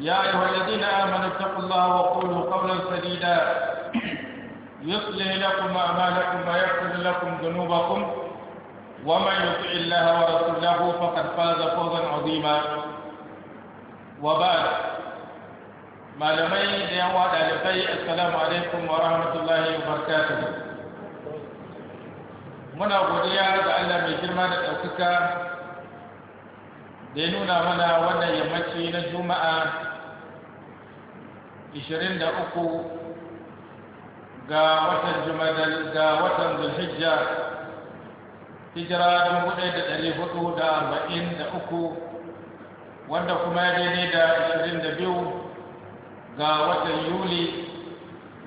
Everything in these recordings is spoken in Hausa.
يا أيها الذين آمنوا اتقوا الله وقولوا قولا سديدا يصلح لكم أعمالكم ويغفر لكم ذنوبكم ومن يطع الله ورسوله فقد فاز فوزا عظيما وبعد ما لم يوعد على السلام عليكم ورحمة الله وبركاته من أغنياء تعالى من جرمان دينونا هنا وانا يمشي نجوم 23 ga watan jumadal ga watan zulhijja hijira 1443 wanda kuma ya daidai da 22 ga watan yuli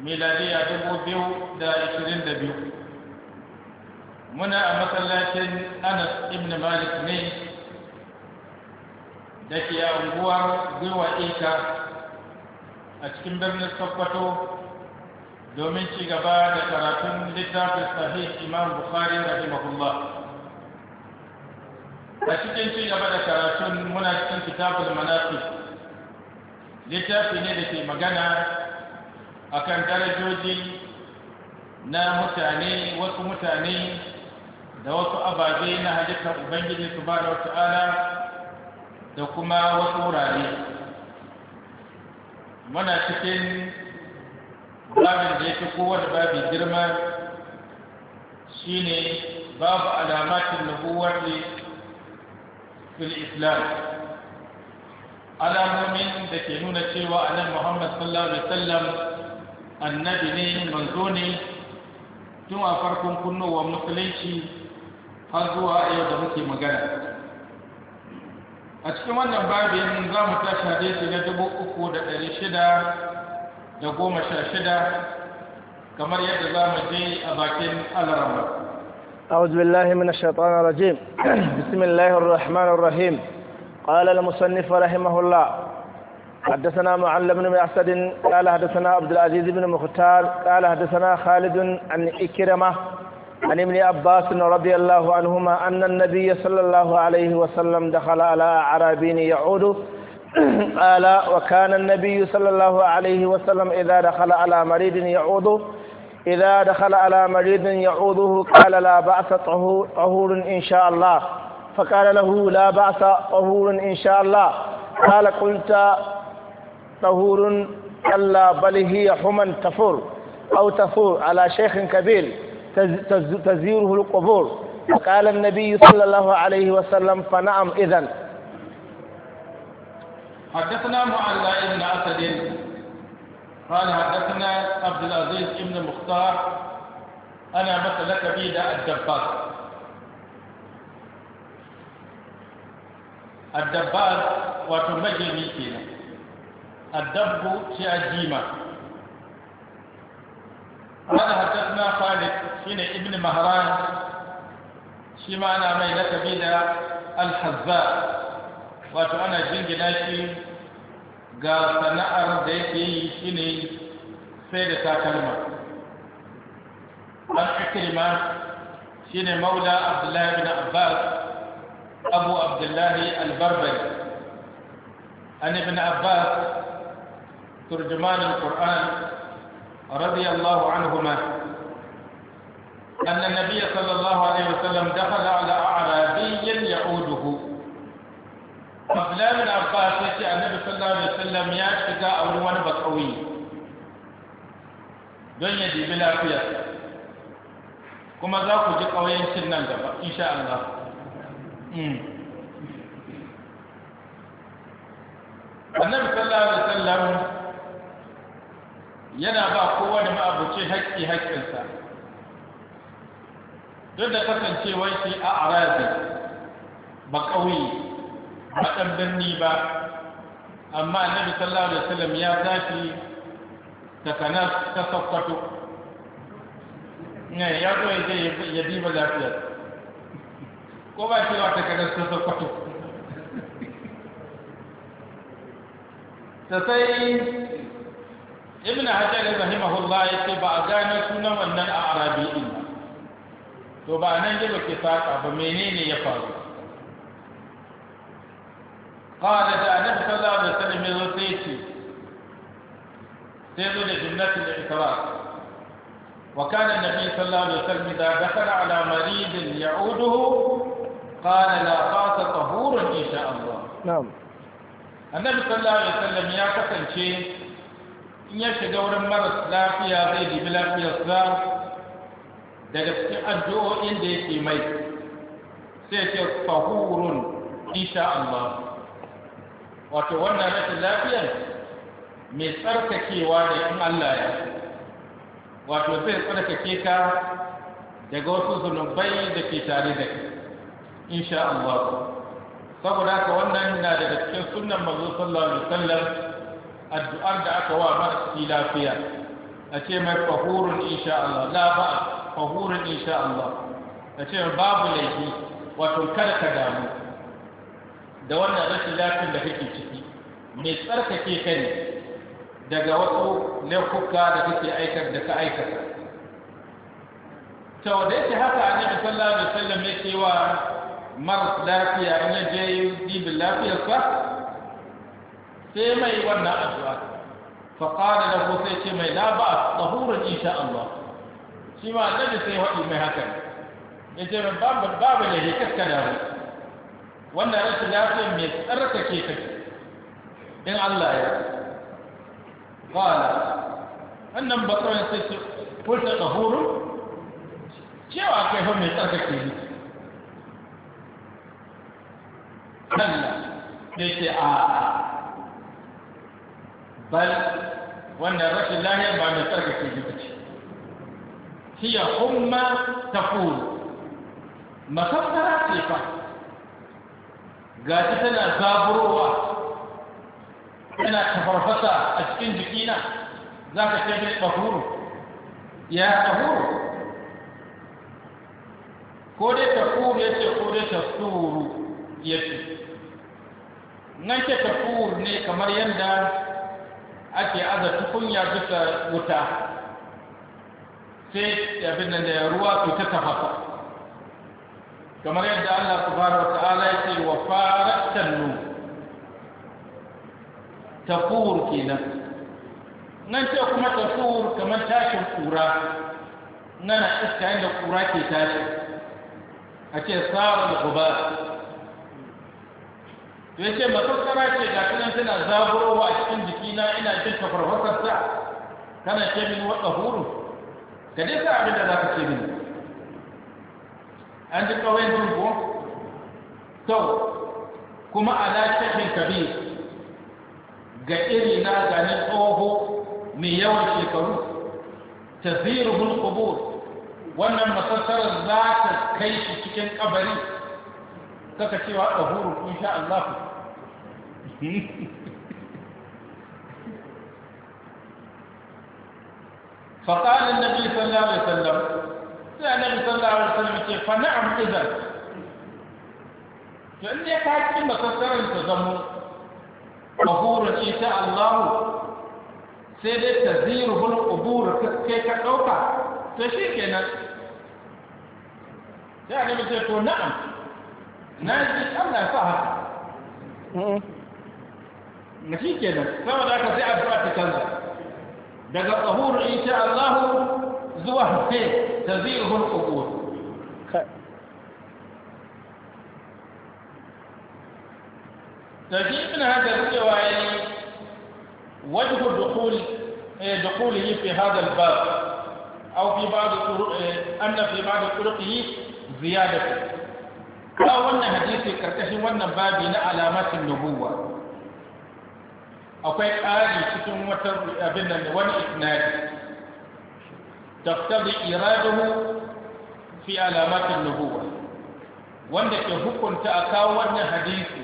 miladiya 2022 muna a masallacin anas ibn malik ne da ke unguwar gwiwa ika a cikin birnin sokoto domin ci gaba da karatun littafin sahih imam bukhari rahimahullah a cikin ci gaba da karatun muna cikin kitabul manafi littafi ne da ke magana akan darajoji na mutane wasu mutane da wasu ababe na halittar ubangiji subhanahu wa ta'ala da kuma wasu wurare muna cikin babin da ya fi kowane babin girma shi ne babu alamatin nubuwar fil islam alamomin da ke nuna cewa anan muhammad sallallahu alaihi wasallam annabi ne manzo ne tun a farkon kunnowar musulunci har zuwa yau da muke magana a cikin wannan babin za mu tashi hadisi na dubu uku da ɗari shida da goma sha shida kamar yadda za mu je a bakin alarama أعوذ بالله من الشيطان الرجيم بسم الله الرحمن الرحيم قال المصنف رحمه الله حدثنا معل بن معسد قال حدثنا عبد العزيز بن مختار قال حدثنا خالد عن إكرمة عن ابن عباس رضي الله عنهما أن النبي صلى الله عليه وسلم دخل على أعرابين يعود قال وكان النبي صلى الله عليه وسلم إذا دخل على مريض يعود إذا دخل على مريض يعوده قال لا بأس طهور إن شاء الله فقال له لا بأس طهور إن شاء الله قال قلت طهور ألا بل هي حمى تفور أو تفور على شيخ كبير تزيره القبور فقال النبي صلى الله عليه وسلم فنعم إذن حدثنا معلى بن أسد قال حدثنا عبد العزيز بن مختار أنا مثلك بيد الدباس الدباس وتمجمي ميكينا الدب شيء الجيمة قال هدفنا خالد حين ابن مهران شما انا مي لك بنا الحذاء وات انا جنجي ناشي غا سنا ارضي في حين سيد تاكلم الكلمة حين مولى عبد الله بن عباس ابو عبد الله البربري عن ابن عباس ترجمان القران رضي الله عنهما أن النبي صلى الله عليه وسلم دخل على أعرابي يعوده قبل من عباس النبي صلى الله عليه وسلم يأتي أو وان بقوي دنيا دي بلا فيها كما ذاك جي قوي إن شاء الله النبي صلى الله عليه وسلم yana ba kowa da ma'abuci haƙƙi haƙƙinsa duk da kasancewar shi a arazi ba ƙauye ba ɗan birni ba amma annabi sallallahu alaihi wasallam ya tashi kana ta sakkwato ne ya zo ya je ya diba lafiyar ko ba cewa kana ta sakkwato ta sai ابن حجر رحمه الله يتي باغاني سنة من الأعرابي إلا تو باغاني جب كتاك أبمينين يفعل قال جانب صلى الله عليه وسلم رسيتي سيدو لجنة الإعتراف وكان النبي صلى الله عليه وسلم إذا دخل على مريض يعوده قال لا خاص طهور إن شاء الله نعم النبي صلى الله عليه وسلم يا كتن in ya shiga wurin maras lafiya zai dibi lafiyarsa daga cikin addu'o'in da yake mai sai ce fahurun isha Allah wato wannan rashin lafiyar mai tsarkakewa da in Allah ya wato zai tsarkake ka daga wasu zunubai da ke tare da kai insha Allah saboda haka wannan na daga cikin sunan mazo sallallahu alaihi wasallam addu'ar da aka wa marasa lafiya a ce mai fahurun insha Allah la ba fahurun insha Allah a ce babu laifi wato kada ka damu da wannan rashin lafiyar da kake ciki mai tsarkake ka ne daga wasu laifuka da kake aikar da ka aikata to da yake haka annabi sallallahu alaihi wasallam yake wa maras lafiya in ya je dibin lafiyarsa sai mai wannan addu'a fa qala lahu sai ce mai la ba tahurun insha Allah shi ma annabi sai wadi mai haka ya ce ba babu ba ne ya da mu wannan rashin lafiya mai tsarkake ka in Allah ya qala annan bakawai sai ce kulta tahurun cewa kai fa mai tsarkake ni Allah ne ce a'a bal wannan rashin lahiyar ba mai tsarkake jiki ce hiya umma tafuru makassara ce fa gashi tana zaburowa tana tafarfasa a cikin jikina za ka ce mai tsahuru ya tsahuru ko dai tafuru ya ce ko dai ta tafuru ya ce nan ce tafuru ne kamar yadda ake aza tukunya bisa wuta sai abin da ruwa su ta tafasa kamar yadda Allah subhanahu wata'ala ya ce wa faratan nu tafur kenan nan ce kuma tafur kamar tashin kura nan iska yadda kura ke tashi a ce ku ba. ya ce matattara ce ga tunan tana zaburowa a cikin Ina ina shakka farfasarsa kana ce min wata huru ka dai abin da za ka ce min an ji kawai jin ko sau kuma ala shakin kabir ga iri na gani tsoho mai yawan shekaru ta ziru hulkubur wannan masassarar za ta kai shi cikin kabari kaka cewa ɗahuru kun sha Allah فقال النبي صلى الله عليه وسلم يا النبي صلى الله عليه وسلم فنعم إذا فإن يكاد كما تسرن التزمر غفور إن شاء الله سيدة هنا القبور كيف تقوقع فشيكنا يعني يقول نعم ناجي الله فهم ماشي كده فما ذاك في كذا daga in insha Allah zuwa hafe ta zihun ƙuƙur tafi ibn hajar cewa ya yi wajhu eh, dukulihi fi hadha al-bab aw fi ba'd eh, anna fi ba'd turuqihi ziyadatu ka wannan hadisi karkashin wannan babi na alamatin nubuwa akwai ƙari cikin wata abin nan wani isnadi da iradahu fi alamatin Nuhuwa. wanda ke hukunta a kawo wannan hadisi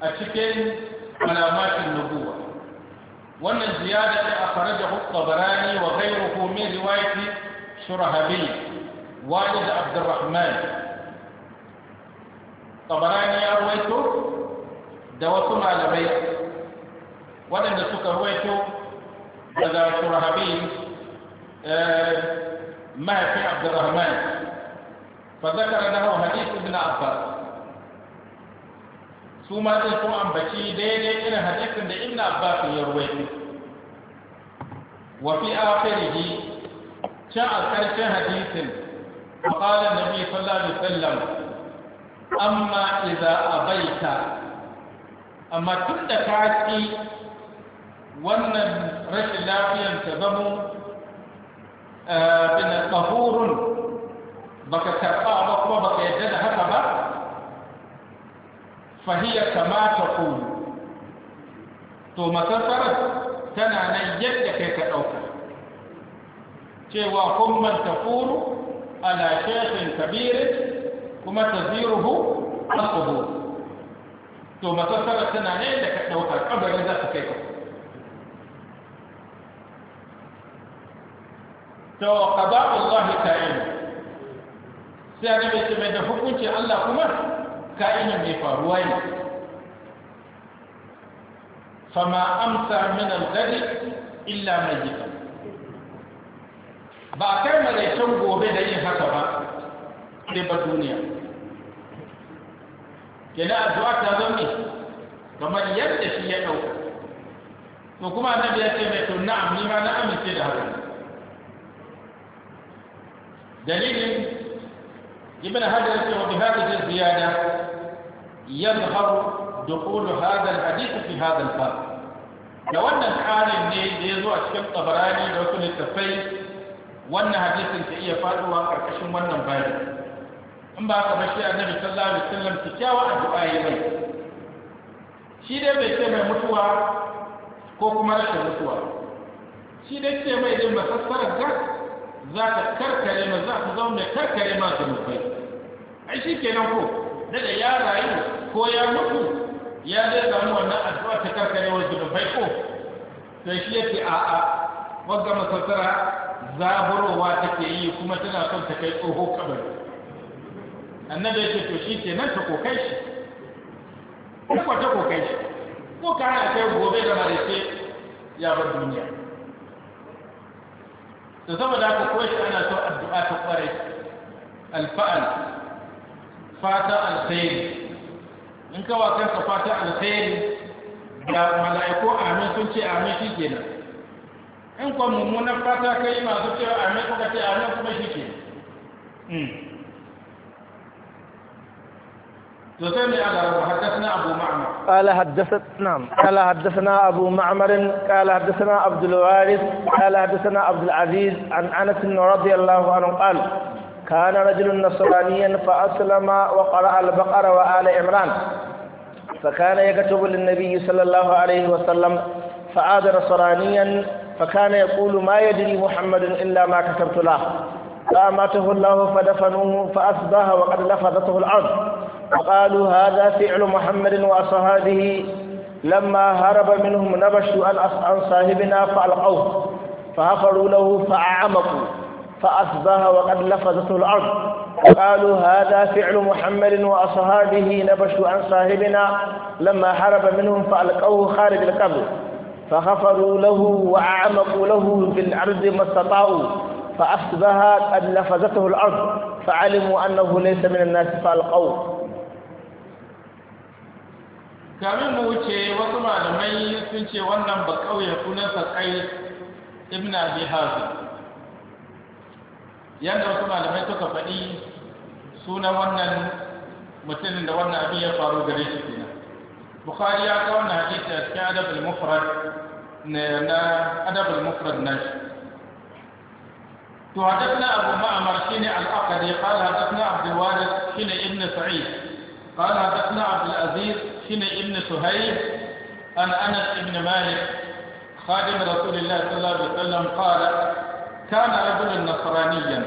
a cikin alamatin Nuhuwa. wannan ziyada ta afara da barani wa ghayruhu min riwayati shurahabi walid abdurrahman tabarani ya rawaito da wasu malamai waɗanda suka ruwaito daga turahabi mahaifin abdurrahman fazakar na hau hadith ibn abbas suma ma zai sun ambaci daidai irin hadisin da ibn abbas ya ruwaito wa fi akhirihi cha a ƙarshen hadisin فقال النبي صلى الله عليه وسلم أما إذا أبيت أما تندك عشي wannan rashin lafiyar ta zamo eh, bin tsahurun baka karɓa ba kuma baka yadda da haka ba fahiyar kamata ku to masasarar tana nan yadda kai ka ɗauka cewa kun kumman tafuru ala shafin kabirin kuma taziruhu a to masasarar tana nan yadda ka ɗauka ƙabarin za su kai ka to Allah ka'in sai annabi ce mai da hukunci Allah kuma ka'inin mai faruwa ne fama amsa min al-ghadi illa mayyita ba kai malaikun gobe da yin haka ba ne ba duniya kina addu'a ta zanni kamar yadda shi ya dauka to kuma annabi ya ce mai to na'am ni ma na amince da haka dalilin ibn hajar yake wa bihadhihi ziyada yadhharu dukhul hadha alhadith fi hadha alfar da wannan ƙarin ne da ya zo a cikin tabarani da wasu littattafai wannan hadisin ta iya faduwa ƙarƙashin wannan bayanin in ba ka bashi annabi sallallahu alaihi wasallam kikkiawa addu'a ya mai shi dai bai ce mutuwa ko kuma rashin mutuwa shi dai ce mai dai za ka karkare ma za ku zama karkare ma zunubai ai shi kenan ko daga ya rayu ko ya mutu ya zai samu wannan addu'a ta karkare wa zunubai ko sai shi yake a'a wanda masassara zaburowa take yi kuma tana son ta kai tsoho kabari annabi yake to shi kenan ta kokai shi ko ta kokai shi ko ka hana kai gobe da marece ya bar duniya to saboda haka ko shi ana so addu'a ta kware alfa'al fata alkhair in ka wa ka fata alkhair da mala'iku amin sun ce amin shi kenan in kuwa mummunan fata kai masu cewa amin kuka ce amin kuma shi ke. حدثنا أبو معمر قال حدثت نعم قال حدثنا أبو معمر قال حدثنا عبد الوارث قال حدثنا عبد العزيز عن أنس رضي الله عنه قال كان رجل نصرانيا فأسلم وقرأ البقرة وآل عمران فكان يكتب للنبي صلى الله عليه وسلم فعاد نصرانيا فكان يقول ما يدري محمد إلا ما كتبت له فأماته الله فدفنوه فأصبح وقد لفظته الأرض فقالوا هذا فعل محمد وأصحابه لما هرب منهم نبشوا عن صاحبنا فألقوه فأخروا له فأعمقوا فأصبح وقد لفظته الأرض قالوا هذا فعل محمد وأصحابه نبشوا عن صاحبنا لما هرب منهم فألقوه خارج القبر فغفروا له وأعمقوا له في الأرض ما استطاعوا فأصبح قد لفظته الأرض فعلموا أنه ليس من الناس فألقوه kamin mu wuce wasu malamai sun ce wannan ba kauye sunansa kai ibn abi hazim yadda wasu malamai suka faɗi sunan wannan mutumin da wannan abin ya faru gare shi kenan bukhari ya kawo wannan hadisi a cikin adab al-mufrad na adab al-mufrad nashi to hadathna abu ma'mar shine al-aqdi qala hadathna abdul waris shine ibn sa'id qala hadathna abdul aziz سنة ابن سهيل عن أنس ابن مالك خادم رسول الله صلى الله عليه وسلم قال كان رجل نصرانيا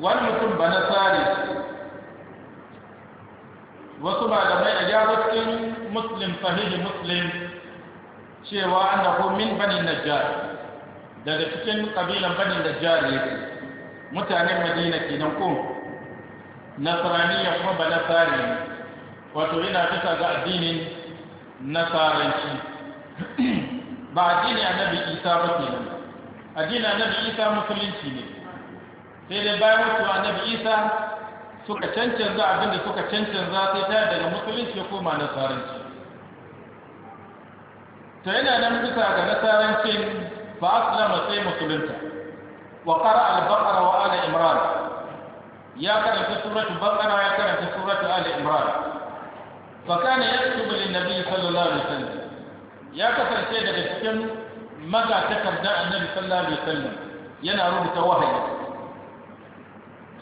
والمسلم بنصاري على لما إجابت مسلم فهي مسلم شيوا أنه من بني النجار daga cikin ƙabilan bani da jari mutanen madina ke nan wato yana bisa ga addinin nasaranci ba addinin annabi isa ba ke nan addinin annabi isa musulunci ne sai dai bayan wato annabi isa suka cancanza abinda suka cancanza sai ta daga musulunci ya koma nasaranci ta yana nan bisa ga nasarancin ba aslama sai musulunta wa qara al-baqara wa ala imran ya karanta suratul baqara ya karanta suratul ali imran fakana ya tuba lin nabi sallallahu alaihi wasallam ya kasance daga cikin magatakarda annabi sallallahu alaihi wasallam yana rubuta wahayi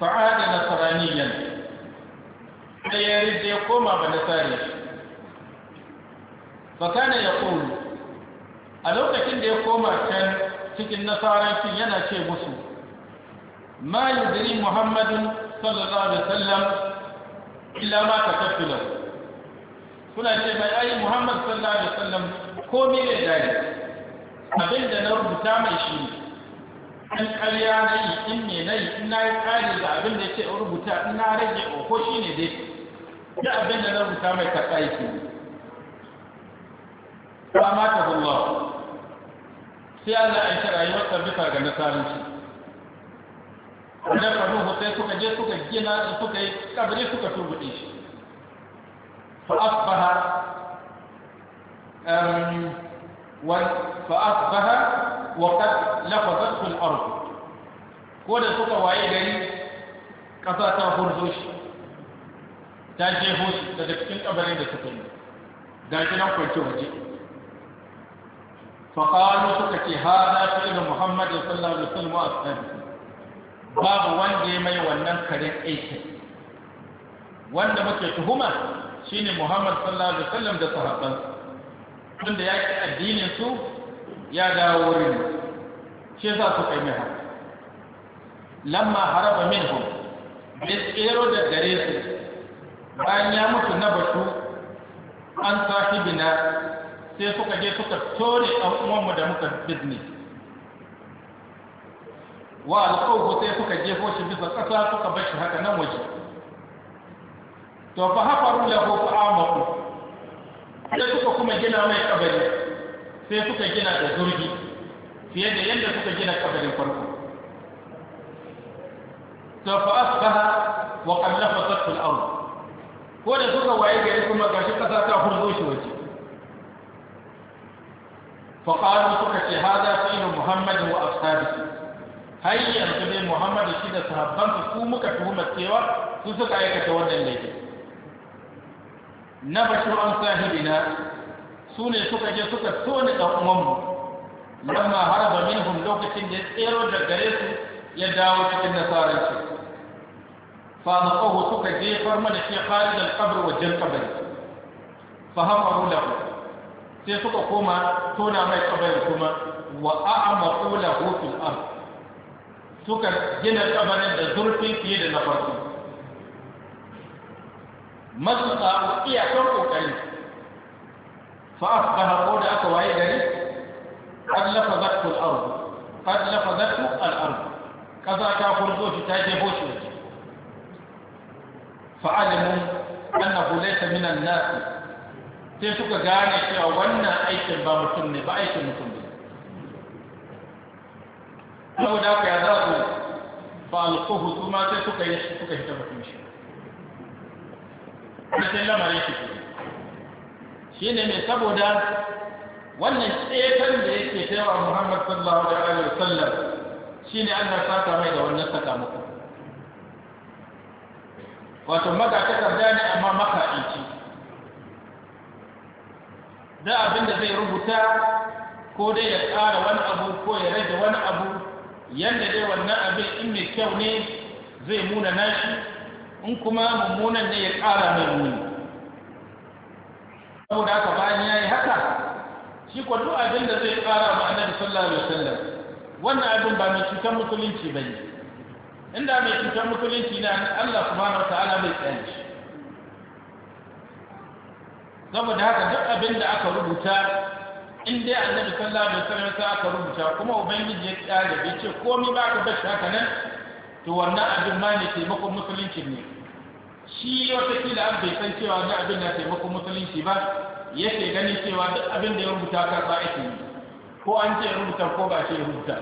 fa'ada nasraniyan sai ya rije ya koma ba nasari fakana ya qulu a lokacin da ya koma can cikin nasarancin yana ce musu ma yudri muhammadun sallallahu alaihi wasallam illa ma takaffalahu suna ce mai ayi muhammad sallallahu alaihi wasallam ko me ne dai abin da na rubuta mai shi an ƙarya na yi in ne na yi in na yi da abin da yake rubuta in na rage ko shi ne dai da abin da na rubuta mai karɓa yake ba ma ta Allah sai Allah ya tsara yi ta bi ga nasaranci wajen kabin sai suka je suka gina suka yi kabari suka turbuɗe shi فأصبح فأصبح وقد لفظته الأرض ko da suka wayi gari ƙasa ta hurzo ta jeho shi daga cikin ƙabarin da suka yi ga shi nan waje faƙalu suka ce ha za muhammadu babu wanda ya mai wannan karen aikin wanda muke tuhuma shine Muhammad sallallahu alaihi wasallam da sahabbansa tunda ya ki addinin su ya dawo wurin shi yasa su kai mai haka lamma haraba minhum bai tsero da gare su bayan ya mutu na batu an sahibina sai suka je suka tore ɗan uwanmu da muka bizni wa alƙawu sai suka jefo shi bisa ƙasa suka bashi haka nan waje to fa hafaru lahu fa'amaku sai suka kuma gina mai kabari sai suka gina da zurgi fiye da yadda suka gina kabarin farko to fa asbaha wa qad lafatat al ard ko da suka waye gari kuma gashi kasa ta hurzo shi waje fa qalu suka ce hada fihi muhammad wa ashabihi hayyan tabi muhammad shi da sahabban su muka tuhumar cewa su suka aikata wannan laifi na bashu an sahibina su ne suka je suka tone ɗan uwanmu lamma haraba minhum lokacin da ya tsero da gare su ya dawo cikin nasaranci fa na ƙaho suka jefar mana shi halin alƙabar wajen ƙabar fa hamaru lahu sai suka koma tona mai ƙabar kuma wa a'amaru lahu fil ard suka gina ƙabarin da zurfi fiye da na farko matuƙa iyakan ƙoƙari fa asbaha ko da aka waye gari qad lafazatu al-ard qad lafazatu al-ard kaza ta furzo shi ta jefo shi fa alimu annahu laysa min an-nas sai suka gane cewa wannan aikin ba mutum ne ba aikin mutum ne saboda haka ya za su fa alquhu ma sai suka yi suka hita mutum shi cikin lamarin shi shi ne mai saboda wannan ƙetar da yake taiwa muhammad sallallahu alaihi wasallam shi ne allah saka mai da wannan sakamako wato magatakarda ne amma maka maka'inci da abin da zai rubuta ko dai ya tsara wani abu ko ya rage wani abu yadda dai wannan abin in mai kyau ne zai muna nashi in kuma mummunan ne ya ƙara mai muni saboda haka bayan ya yi haka shi kwa duk abin da zai ƙara ma annabi sallallahu alaihi wasallam wannan abin ba mai cutar musulunci ba ne inda mai cutar musulunci na Allah subhanahu ta'ala bai tsaye shi saboda haka duk abin da aka rubuta in dai annabi sallallahu alaihi wasallam sai aka rubuta kuma ubangiji ya tsaya bai ce komai ba ka bashi haka nan to wannan abin ma ne taimakon musulunci ne shi kila an bai san cewa wani abin na taimakon musulunci ba yake ganin cewa duk abin da ya rubuta karɓa ake yi ko an ce rubuta ko ba ce rubuta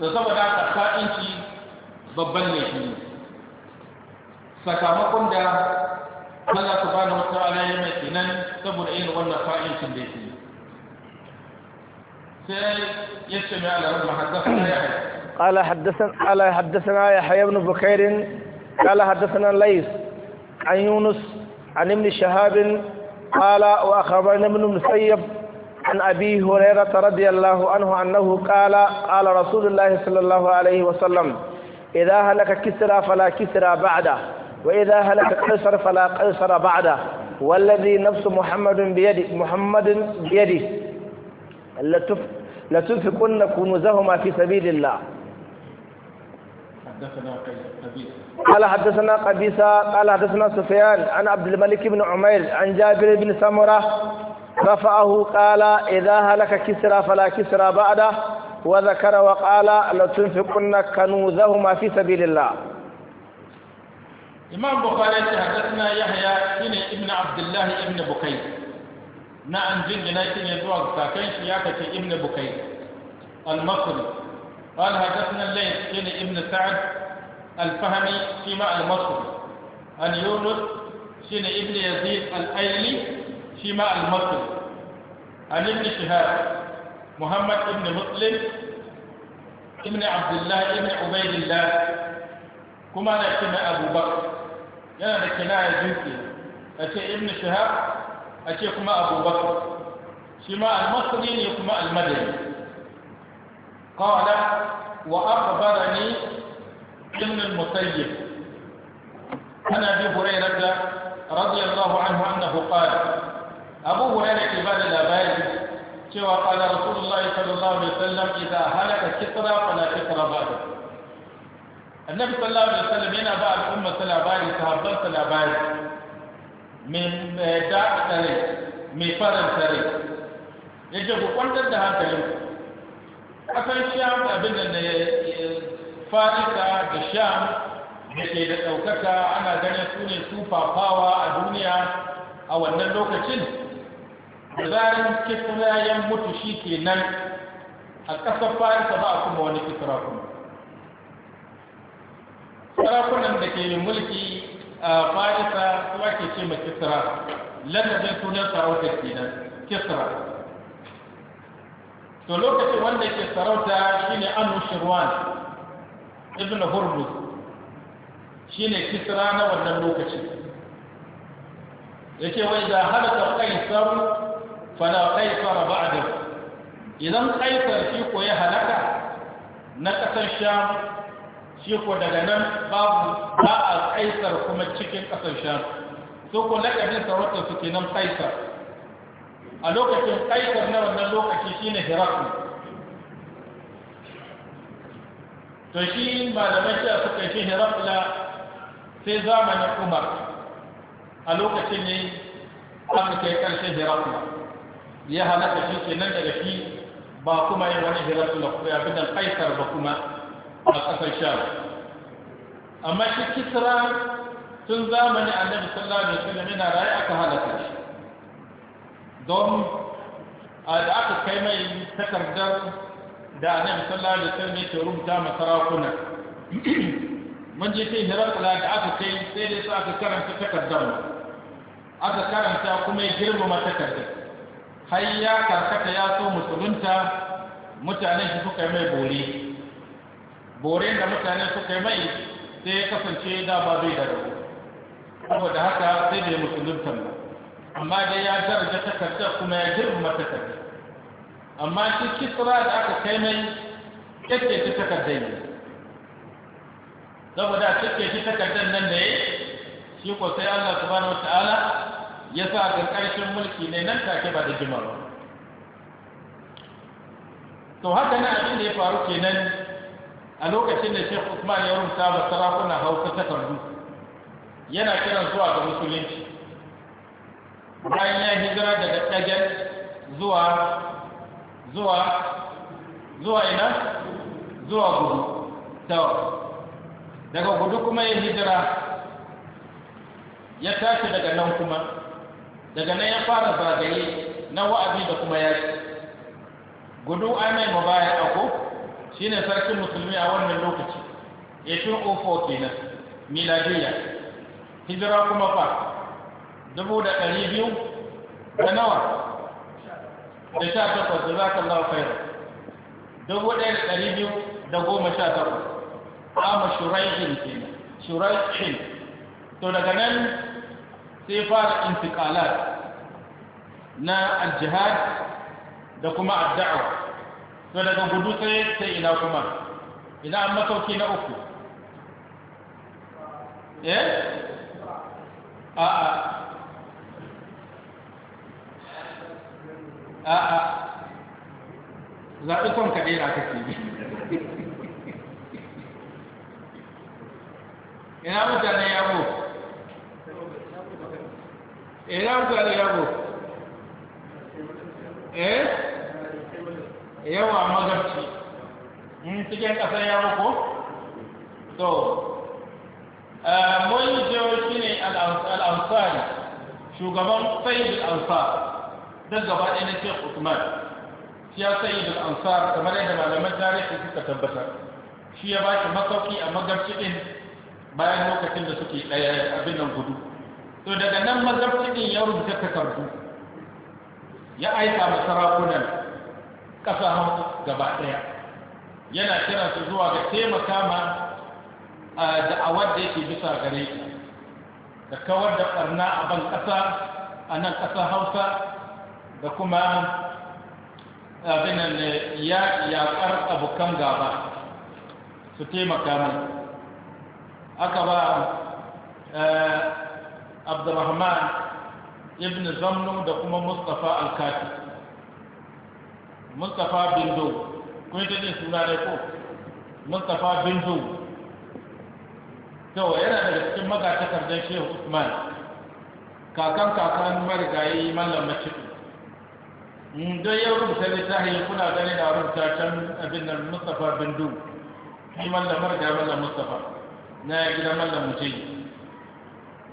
da saboda haka fa'inci babban laifi ne sakamakon da ba na wata ala ya mai kenan saboda yin wannan fa'incin da yake sai ya ce mai alarar mahaddafa ya haifar قال حدثنا قال حدثنا يحيى بن بكير قال حدثنا ليث عن يونس عن ابن شهاب قال وأخبرنا ابن مسيب عن أبي هريرة رضي الله عنه أنه قال قال رسول الله صلى الله عليه وسلم إذا هلك كسرى فلا كسرى بعده وإذا هلك قيصر فلا قيصر بعده والذي نفس محمد بيده محمد بيده لتنفقن كنوزهما في سبيل الله قال حدثنا قبيسة قال حدثنا سفيان عن عبد الملك بن عمير عن جابر بن سمرة رفعه قال إذا هلك كسرى فلا كسرى بعده وذكر وقال لتنفقن كنوزهما في سبيل الله إمام بخاري حدثنا يحيى بن ابن عبد الله ابن بكير نعم جنجنا شيني زوغ ساكن شياكة ابن بكير المصري قال حدثنا shine ibn sa'ad al-fahmi shi ma al-masri shine ibn yazid al-aili shi ma al-masri an ibn shihab muhammad ibn muslim ibn abdullah ibn ubaidillah kuma na kina abubakar yana da kina jinsi a ce ibn shihab a ce kuma ne kuma al-madani قال وأخبرني ابن المسيب عن أبي هريرة رضي الله عنه أنه قال أبو هريرة كبار الأبائل سوى قال رسول الله صلى الله عليه وسلم إذا هلك كسرى فلا كسرى بعده النبي صلى الله عليه وسلم هنا باع الأمة الأبائل صحابة الأبائل من داع سري من فرد سري يجب أن تدهن كلمة kasar sham abin da na farisa da sham da ke da ɗaukaka ana ganin su ne fafawa a duniya a wannan lokacin da zarar kisra ya mutu shi ke nan a kasar farisa ba a kuma wani kisra sarakunan da ke mulki a farisa su ake ce ma kisra lannabin sunan sarautar kenan kisra to lokacin wanda ke sarauta shine anu shirwan ibn hurmuz shine kisra na wannan lokaci yace wai da halaka kaisar fala kaisar ba'da idan kaisar shi ko ya halaka na kasar sham shi ko daga nan babu ba a kuma cikin kasar sham so ko lakabin sarauta kenan kaisar a lokacin kaikar na wannan lokaci shi shine hirakul to shi malamai shi suka yi shi hirakula sai zamanin umar a lokacin ne aka kai ƙarshen hirakula ya halaka shi kenan daga shi ba kuma yin wani hirakula ko ya bidan kaikar ba kuma a ƙasar sham amma shi kisra tun zamanin annabi sallallahu alaihi wasallam yana raye aka halaka shi don da aka kai mai takardar da annabi sallallahu alaihi wasallam yake rubuta ma sarakuna mun je kai hirar kula da aka kai sai dai aka karanta takardar aka karanta kuma ya girmama takardar har ya karkata ya so musulunta mutanen shi suka mai bore bore da mutane suka kai mai sai ya kasance da ba zai da rabu saboda haka sai da musulunta ba amma dai ya daraja takardar kuma ya girma takardar amma shi kisra da aka kai mai kake ta takardar ne saboda kake shi takardar nan da ya shi ko sai Allah subhanahu wataala ya sa ga ƙarshen mulki ne nan take ba da jima ba to haka nan abin da ya faru kenan a lokacin da Sheikh Usman ya rubuta wa sarakunan Hausa takardu yana kiran zuwa ga musulunci bayan ya hijira daga ɗagen zuwa zuwa zuwa ina zuwa gudu daga gudu kuma ya hijira ya tashi daga nan kuma daga nan ya fara zagaye na wa'azi da kuma ce gudu amai mubaya ako Shi ne sarkin musulmi a wannan lokaci 1804 kenan miladiya hijira kuma fa dubu da ɗari biyu da nawa da sha takwas da za ka lau kai dubu ɗaya da ɗari biyu da goma sha takwas kama shuraihin ke shuraihin to daga nan sai fara intikalat na aljihad da kuma addawa to daga gudu sai sai ina kuma ina an matauki na uku eh a'a a'a zaɓi kwan kaɗai na ke bi. ina mutane yabo ina mutane yabo eh yawa magarci in cikin ƙasar yabo ko to eh, mun jiyo shi ne al'amsari shugaban sayid al'amsari duk gaba ɗaya na Sheikh Usman shi ya sayi da ansar kamar yadda malaman tarihi suka tabbatar shi ya bashi masauki a magabci bayan lokacin da suke ɗaya abin nan gudu to daga nan magabci ya rubuta takardu ya aika ma sarakunan ƙasa gaba ɗaya yana kiran su zuwa ga taimaka ma da'awar da yake bisa gare da kawar da ɓarna a ban ƙasa a nan ƙasar hausa da kuma abinan eh, ya yaƙar abokan gaba su taimaka mu aka ba eh, abdurrahman ibn zamnu da kuma mustapha alkati mustapha bin dau kun yi tajin suna ne ko mustapha bin dau to yana daga cikin magatakardar shehu usman kakan kakan marigayi mallam maciku Mm, don ya rubuta littafin kuna gani da rubuta can abin nan mustapha bindu ni mallamar da mallam mustapha na gida mallam mutai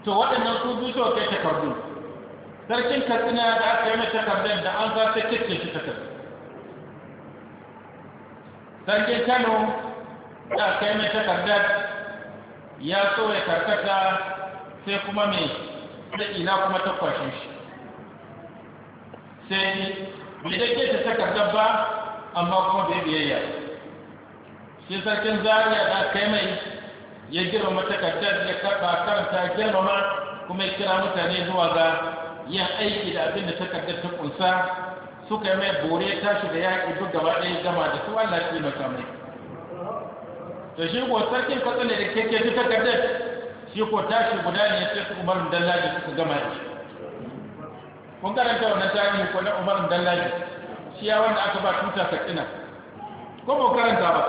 to waɗannan su biyu to kai takardu sarkin katsina da aka yi mai takardar da an za ta kicce shi takardu sarkin kano da aka yi mai takardar ya so ya karkata sai kuma mai da ina kuma ta kwashe shi sai bai dake takardar ba amma kuma bai biyayya shi sarkin zariya da kai mai ya girmama takardar ya karɓa karanta girmama kuma ya kira mutane zuwa ga yin aiki da abinda da takardar ta kunsa suka yi mai bore tashi da yaƙi duk gaba ɗaya gama da su Allah ya maka mai to shi ko sarkin katsina da keke takardar shi ko tashi guda ne ya ce su umar da suka gama da kun karanta wannan tarihi ko na Umar Dallaji shi ya wanda aka ba tuta sakina ko ba karanta ba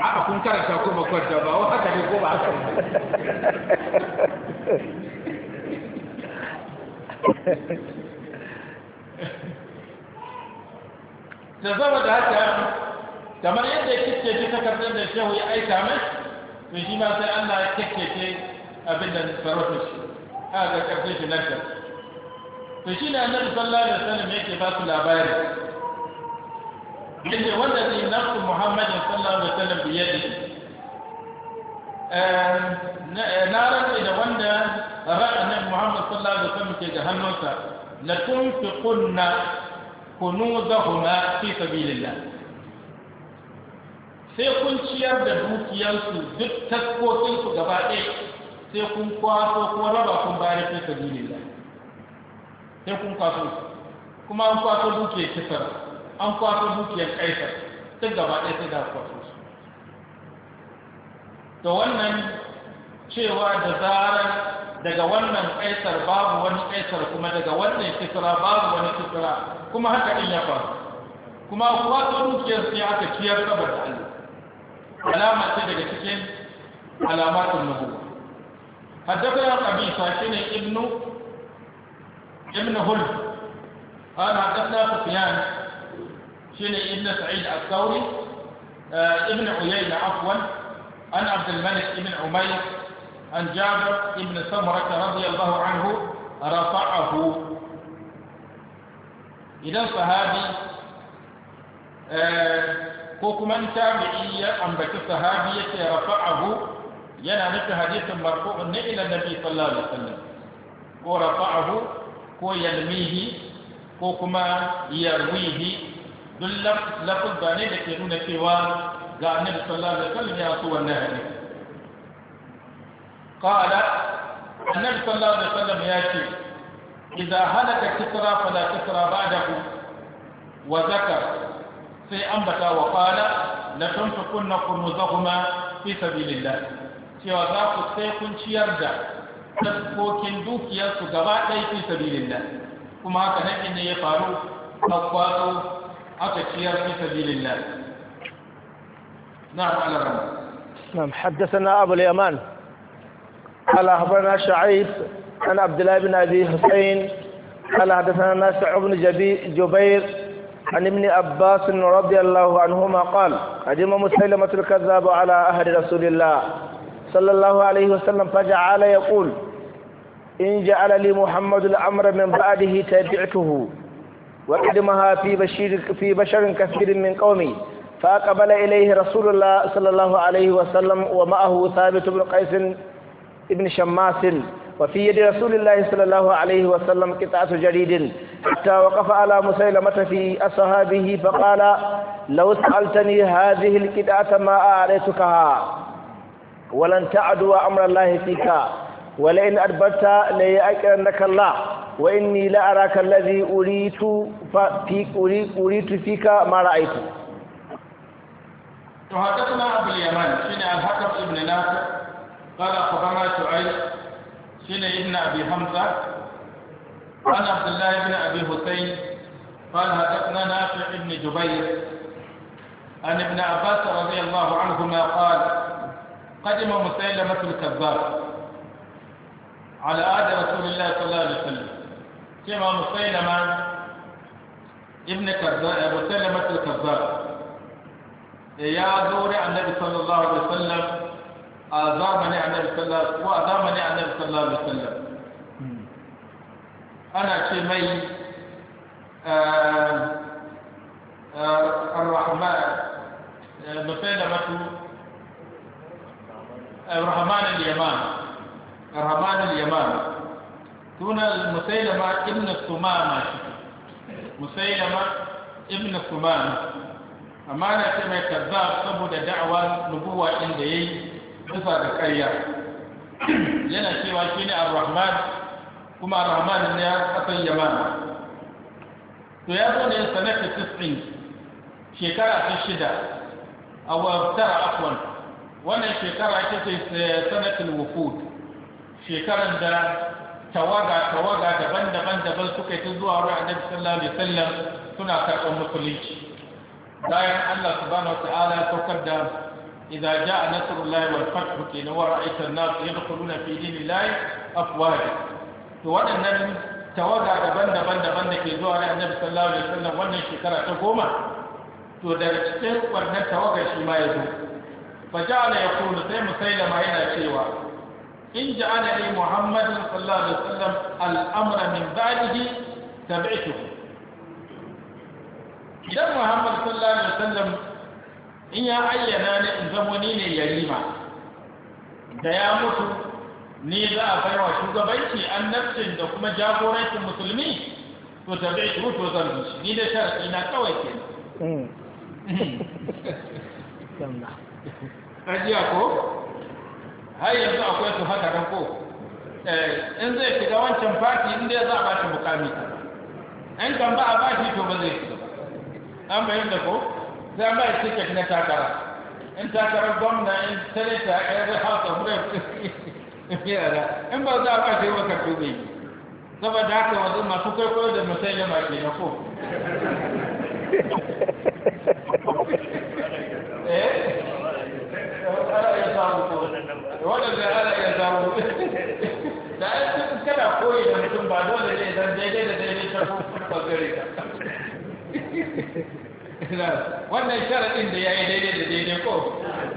haka kun karanta ko ba karanta ba wa haka ne ko ba haka da saboda haka kamar yadda ya kike ji takardar da shehu ya aika mai to shi ma sai Allah ya kike abin da farautar shi a ga karfin shi nan ta. to shi ne annabi sallallahu alaihi wasallam yake ba su labari yake wanda zai nafsu muhammadin sallallahu alaihi wasallam bi yadi na eh, rantsa da wanda ra'anin muhammad sallallahu alaihi wasallam ke ga hannunsa la da kunuzahuma fi sabilillah sai kun ciyar da dukiyarsu duk taskokinsu gaba ɗaya sai kun kwaso ko raba kun bayar fi sabilillah sai kun kwato kuma an kwato dukiyar kisar an kwato dukiyar kaisar duk gaba ɗaya sai da kwato su to wannan cewa da zarar daga wannan kaisar babu wani kaisar kuma daga wannan kisra babu wani kisra kuma haka in ya faru kuma kwato dukiyar sai aka ciyar saboda Allah alama ce daga cikin alamatun nubuwa حدثنا قبيصة شنو ابن ابن هل قال حدثنا سفيان شنو ابن سعيد الثوري آه، ابن عيينة عفوا عن عبد الملك ابن عمير عن جابر ابن سمرة رضي الله عنه رفعه إذا صحابي آه، كوكما عن أم صحابية رفعه ينعمك حديث مرفوع إلى النبي صلى الله عليه وسلم ورفعه ko yalmihi ko kuma yarwihi duk ba ne da ke nuna cewa ga annabi sallallahu alaihi wasallam ya so wannan hadisi qala annabi sallallahu alaihi wasallam ya ce idza halaka kisra fala kisra ba'dahu wa zakar sai ambata wa qala la tunfiqunna kunuzahuma fi sabilillah cewa za ku sai kun ciyar da taskokin dukiyarsu gaba ɗaya fi da kuma haka nan ne ya faru a aka ciyar fi sabilin na alaram na'am haddathana abul yaman قال أخبرنا شعيب عن عبد الله بن أبي حسين قال حدثنا نافع بن جبير عن ابن عباس رضي الله عنهما قال قدم مسلمة الكذاب على أهل رسول الله صلى الله عليه وسلم فجعل يقول إن جعل لي محمد الأمر من بعده تبعته وقدمها في بشير في بشر كثير من قومي فأقبل إليه رسول الله صلى الله عليه وسلم ومعه ثابت بن قيس بن شماس وفي يد رسول الله صلى الله عليه وسلم قطعة جريد حتى وقف على مسيلمة في أصحابه فقال لو سألتني هذه القطعة ما أعرفكها ولن تعدو أمر الله فيك ولئن أدبرت ليأكرنك الله وإني لأراك الذي أريت فيك أريت فيك ما رأيت وحدثنا أبو اليمن حين الحكم ابن ناصر قال أخبرنا شعيب حين ابن أبي حمزة عن عبد الله بن أبي حسين قال حدثنا نافع بن جبير عن ابن عباس رضي الله عنهما قال قدم مسيلمة الكذاب على عهد رسول الله صلى الله عليه وسلم كما مسيلمة ابن كذاب مسيلمة الكذاب يا دور النبي صلى الله عليه وسلم عن النبي صلى الله عليه وسلم عن النبي صلى الله عليه وسلم أنا شمي آه آه الرحمن مسيلمة rahman al-yaman rahman al-yaman tunan musailama ibn sumama musailama ibn sumama amana ce mai kazzab saboda da'awa nubuwa inda yayi bisa da karya. yana cewa shine ar-rahman kuma ar-rahman ne asan yaman to ya zo ne sanata 90 shekara ta shida a waftar afwan wannan shekara ita ce eh, sanatul wufud shekaran da tawaga tawaga daban-daban daban suka ta zuwa wurin annabi sallallahu alaihi wasallam suna karɓar musulunci bayan Allah subhanahu wataala ya saukar da idza jaa nasrullahi wal fath kina wa ra'aita an-nas yadkhuluna fi dinillahi afwaja to waɗannan tawaga daban-daban daban da ke zuwa wurin annabi sallallahu alaihi wasallam wannan shekara ta goma to daga cikin wannan tawaga shi ma ya zo ya yaqulu sai musailama yana cewa in ja'ala li muhammadin sallallahu alaihi wasallam al'amra min ba'dihi tabi'tuhu idan Muhammadu sallallahu alaihi wasallam in ya ayyana ne in zama ni ne yarima da ya mutu ni za a wa shugabanci annabcin da kuma jagorancin musulmi to tabi'i to zan bi shi ni da sharadi na kawai kenan mm. an ko har yanzu akwai su haka nan ko eh, in zai shiga wancan fati in dai za a bashi mukami in kan ba a bashi to ba zai shiga an bayan da ko sai an bai ticket na takara in takara gwamna in senator in zai hausa reps fiye in ba za a bashi ba karfi bai saboda haka wanzu masu kwaikwayo da musayya ma ke na ko wannan sharaɗin da ya yi daidai da daidai ko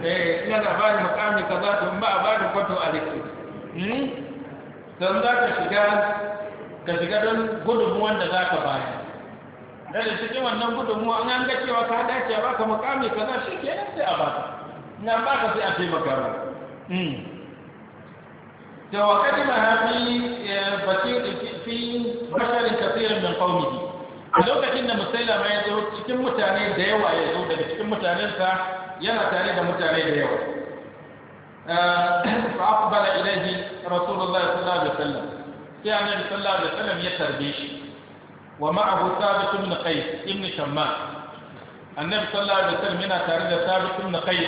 eh, ina da bani mukami ka za su ba a ba da kwato a liki hmm? don za ka shiga ka shiga don gudunmuwan da za ka baya da da cikin wannan gudunmuwa an yanga cewa ka dace ba ka mukami ka za shi ke nan sai a baka ina baka sai a taimaka ba da hmm. wa kadima hafi eh, basir fi basharin kafirin min qaumihi a lokacin da musailama ya zo cikin mutane da yawa ya zo daga cikin mutanensa yana tare da mutane da yawa ah, fa'aqbala ilayhi rasulullah sallallahu alaihi wasallam sai annabi sallallahu alaihi wasallam ya tarbe shi wa ma'ahu thabit ibn qais ibn shamma annabi sallallahu alaihi wasallam yana tare da thabit ibn qais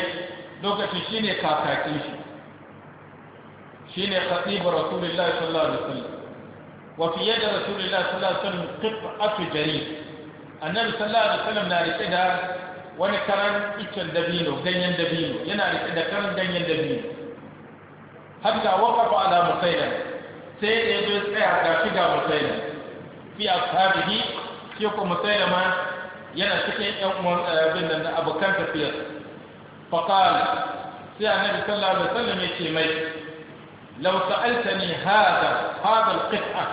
lokacin shine kakakin shi shine khatib rasulullah sallallahu alaihi wasallam وفي يد رسول الله صلى الله عليه وسلم قطعة جريد النبي صلى الله عليه وسلم لا يتدى ونكرن إتشن دبيلو دنيا دبيلو ينال إتدى كرن دنيا دبيلو حتى وقف على مسيلة سيد إدريس إعدى شجع مسيلة في أصحابه سيكو مسيلة ما ينا شكي أمون بن أبو كانت فيه فقال سيد النبي صلى الله عليه وسلم يتيمي لو سألتني هذا هذا القطعة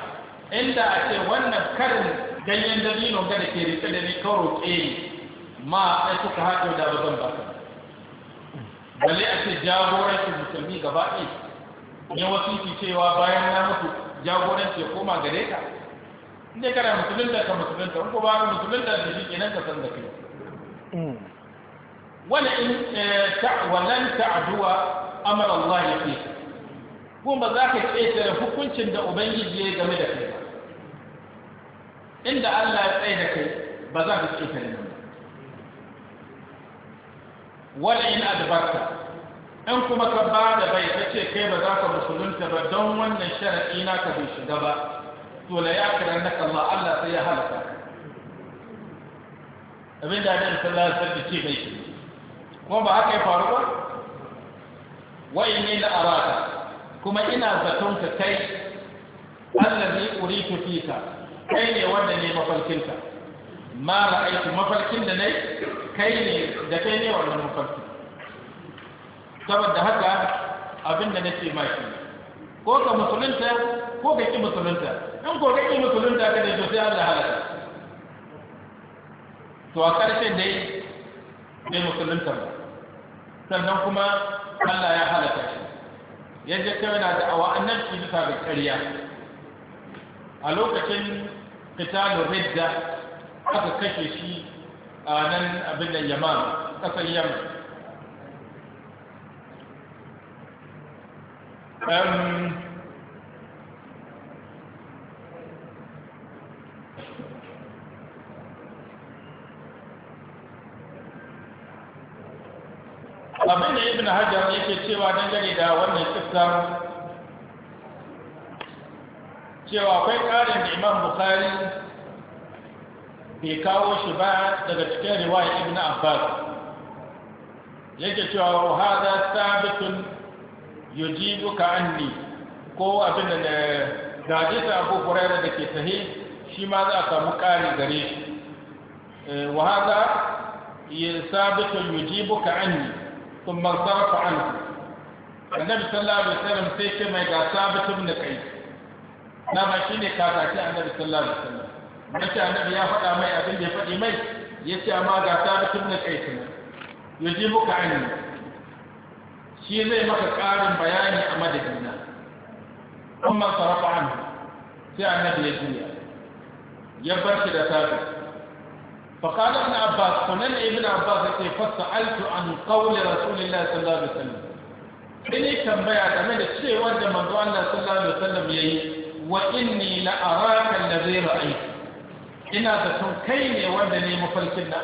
inda a ce wannan karin ganyen dabino ga da ke rike da ni karo ke ma a suka haɗo da ba zan ba balle a ce jagoranci musulmi gaba ɗaya ne wasu yi cewa bayan na mutu jagoranci ya koma gare ka inda kana musulun da ka musulun ta ko ba musulun da da shi kenan ka san da ke hmm. Wani in eh, ta walan ta'duwa amara Allah yake kuma ba za ka ƙetare hukuncin da ubangiji ya game da kai ba inda Allah ya tsaye da kai ba za ka ƙetare nan wala in adbarta in kuma ka ba da bai ta ce kai ba za ka musulunta ba don wannan sharaɗi na ka bai shiga ba to la ya kiran naka Allah Allah sai ya halaka abin da Annabi sallallahu alaihi wasallam ce bai shi kuma ba haka ya faru ba wa inni la araka kuma ina zaton ka kai allazi uritu fika kai ne wanda ne mafarkinka ma ra'aitu mafarkin da nai kai ne da kai ne wannan mafarkin saboda haka abinda nake maki ko ka musulunta ko ka ki musulunta in ko ka ki musulunta ka da sai Allah halaka to a ƙarshen dai bai musulunta ba sannan kuma Allah ya halaka shi ya je da na da'awa annabci bisa ga ƙarya a lokacin fitalun hidda aka kashe shi a nan abin da yaman ƙasar yamma ibn hajar yake cewa dangane da wannan kissa cewa akwai ƙarin da imam bukhari bai kawo shi ba daga cikin riwaya ibn abbas yake cewa wa hada sabitun yujibuka anni ko abin da da hadisa abu hurairah da ke sahih shi ma za a samu ƙari gare shi wa hada sabitun yujibuka anni ثم انصرف عنه النبي صلى الله عليه وسلم سيك ما يقع ثابت بن قيس نعم شيني كاتاكي النبي صلى الله عليه وسلم متى النبي يا فدا ما ابن يا فدي مي يتي اما غا ثابت بن قيس يجيبك عني شيني ما maka بياني bayani a ثم kuma عنه anhu النبي annabi ya juya ya فقال ابن عباس فمن ابن عباس يقول فسألت عن قول رسول الله صلى الله عليه وسلم إني كان بيع من الشيء وانت من الله صلى الله عليه وسلم يهي وإني لأراك الذي رأيت إنا تكون كيني وانني مفلكنا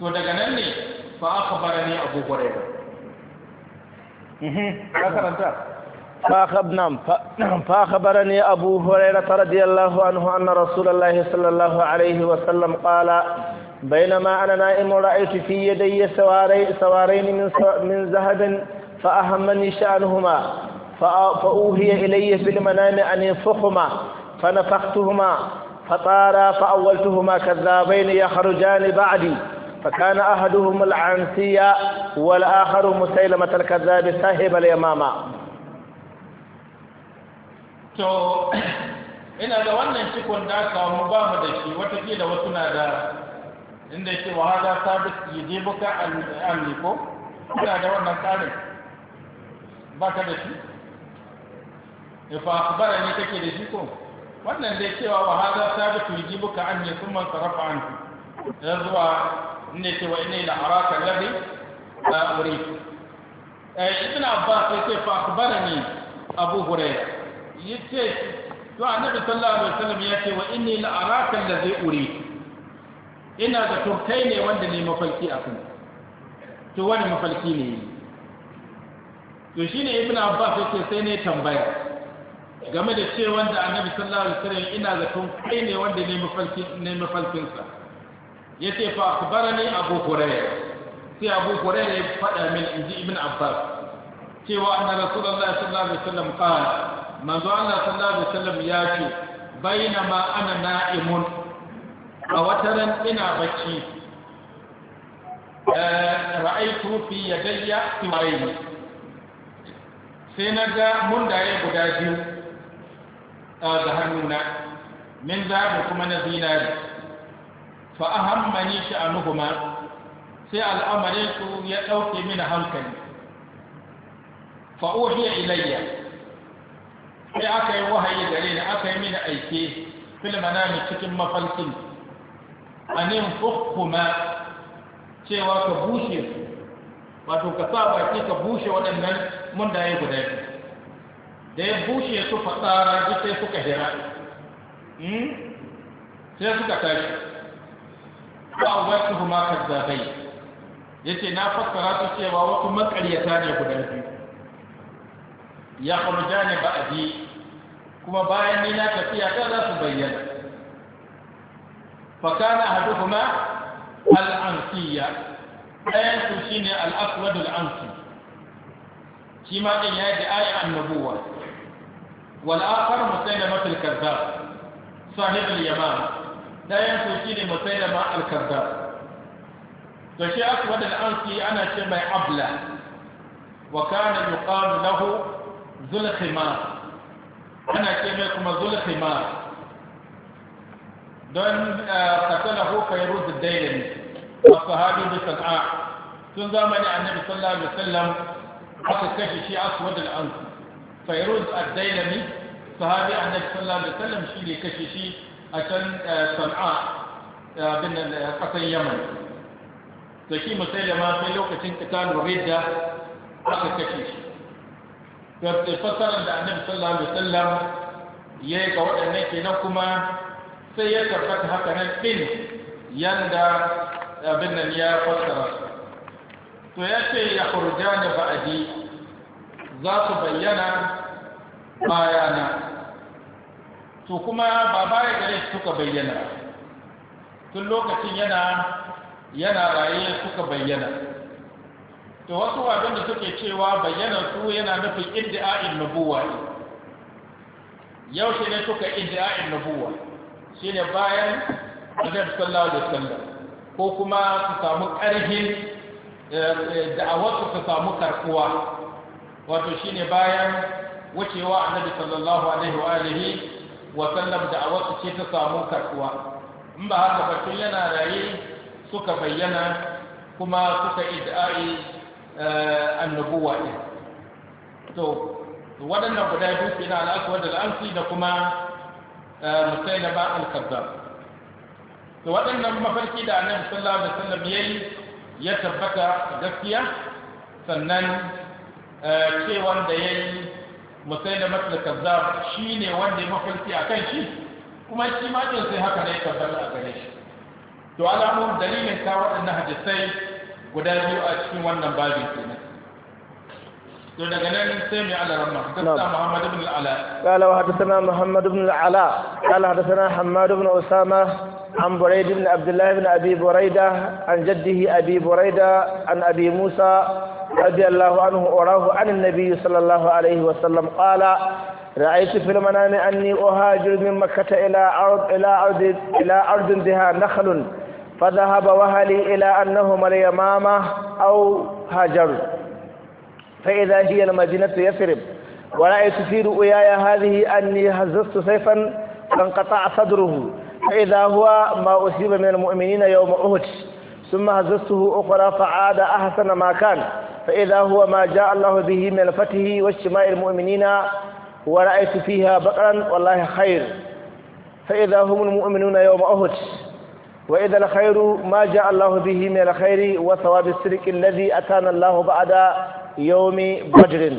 ودقنني فأخبرني أبو هريرة أخبرني نعم، نعم، فأخبرني أبو هريرة رضي الله عنه أن رسول الله صلى الله عليه وسلم قال بينما أنا نائم رأيت في يدي سواري سوارين من, من ذهب فأهمني شأنهما فأوهي إلي في المنام أن ينفخهما فنفختهما فطارا فأولتهما كذابين يخرجان بعدي فكان أحدهم العنسية والآخر مسيلمة الكذاب صاحب اليمامة to ina da wannan cikon da aka mu ba mu da shi watakila wasu na da inda ke wa hada sabis je buka aliko ina da wannan tsarin ba ka da shi ifa akbara ne kake da shi ko wannan dai cewa wa hada sabis je buka a ne kuma sarafa an ya zuwa inda ke wa inna la araka ladhi la wuri? Eh, ibn abbas ce fa bara ne abu hurairah yace to annabi sallallahu alaihi wasallam yace wa inni la araka allazi uri ina da turkai ne wanda ne mafalki akan to wani mafalki ne to shine ibnu abbas yake sai ne tambaya game da ce wanda annabi sallallahu alaihi wasallam ina da turkai ne wanda ne mafalki ne mafalkin sa yace fa akhbarani abu hurairah sai abu hurairah ya faɗa min inji ibnu abbas cewa anna rasulullahi sallallahu alaihi wasallam qala manzo Allah sallallahu alaihi wasallam ya ce bainama ana na'imun a wataran ina bacci eh, ra'aytu fi yadayya tiwaini sai na ga mundaye guda biyu ga hannuna min zaɓi kuma na zinari fa ahammani sha'anuhuma sai al'amarin su ya ɗauke mini hankali fa uhiya ilayya sai aka yi wahayi gare ni aka yi mini aike na mai cikin mafarkin ne hukuma cewa ka bushe su wato ka sa baki ka bushe waɗannan mun da ya guda biyu da ya bushe su fasara duk sai suka hira hmm? sai suka tashi ba wasu kuma kazzabai ya ce na fassara su cewa wasu makaryata ne guda biyu ya kurja jane ba a biyu كما بايننا كفيا كذا تبين فكان احدهما الانسيا اي تشين الاسود الانسي كما ان يجي اي النبوة والاخر مسلمة الكذاب صاحب اليمان لا ينسوشيني مسلمة الكذاب فشي اسود الانسي انا شمع عبلة وكان يقال له ذو الخمار ana ce mai kuma zulkhima don eh, qatalahu fayruz ad-dailami sahabi bi san'a tun zamani annabi sallallahu alaihi wasallam aka kashe shi aswad al-ansi fayruz ad-dailami sahabi annabi sallallahu alaihi wasallam shi ne kashe shi a can eh, san'a eh, bin kasan yaman da shi sai lokacin qitalur ridda aka kashe shi da fasaran da annabi sallallahu alaihi wasallam ya yi ga waɗannan kenan kuma sai ya tabbata haka nan ɗin yadda abin nan ya fassara to ya ce ya kurja da ba'adi za su bayyana bayana to kuma ba baya gare suka bayyana tun lokacin yana yana raye suka bayyana to wasu da suke cewa bayyanar su yana nufin iddi'a'in nubuwa ne yau shi ne suka iddi'a'in nubuwa shi ne bayan annabi sallallahu alaihi wasallam ko kuma su samu ƙarfin eh, eh, da'awarsu su samu karkuwa wato shi ne bayan wucewa annabi sallallahu alaihi wa alihi wa sallam da'awarsu ce ta samu karkuwa in ba haka ba tun yana raye suka bayyana kuma suka idda'i Eh, annabuwa ɗin to waɗannan guda biyu ke na al'aswar da al'amsi da kuma musai na ba al to waɗannan mafarki da annabi sallallahu alaihi wasallam yi, ya tabbata gaskiya sannan eh, ce wanda yi musai da matul shi ne wanda ya mafarki kan shi kuma shi ma din sai haka ne ya tabbata a gare shi to alamun dalilin ka waɗannan hadisai guda biyu a cikin wannan babin kenan to daga nan sai mai alarma haddasa Muhammad ibn al-Ala qala wa haddathana Muhammad ibn al-Ala qala haddathana Hammad ibn Usama عن بريد بن عبد الله بن أبي بريدة عن جده أبي بريدة عن أبي موسى رضي الله عنه أراه عن النبي صلى الله عليه وسلم قال رأيت في المنام أني أهاجر من مكة إلى أرض إلى أرض إلى أرض بها نخل فذهب وهلي إلى أنهم اليمامة أو هاجر فإذا هي المدينة يثرب ورأيت في رؤياي هذه أني هززت سيفا فانقطع صدره فإذا هو ما أصيب من المؤمنين يوم أهد ثم هززته أخرى فعاد أحسن ما كان فإذا هو ما جاء الله به من الفتح واجتماع المؤمنين ورأيت فيها بقرا والله خير فإذا هم المؤمنون يوم أهد وإذا الخير ما جاء الله به من الخير وثواب السرق الذي أتانا الله بعد يوم بدر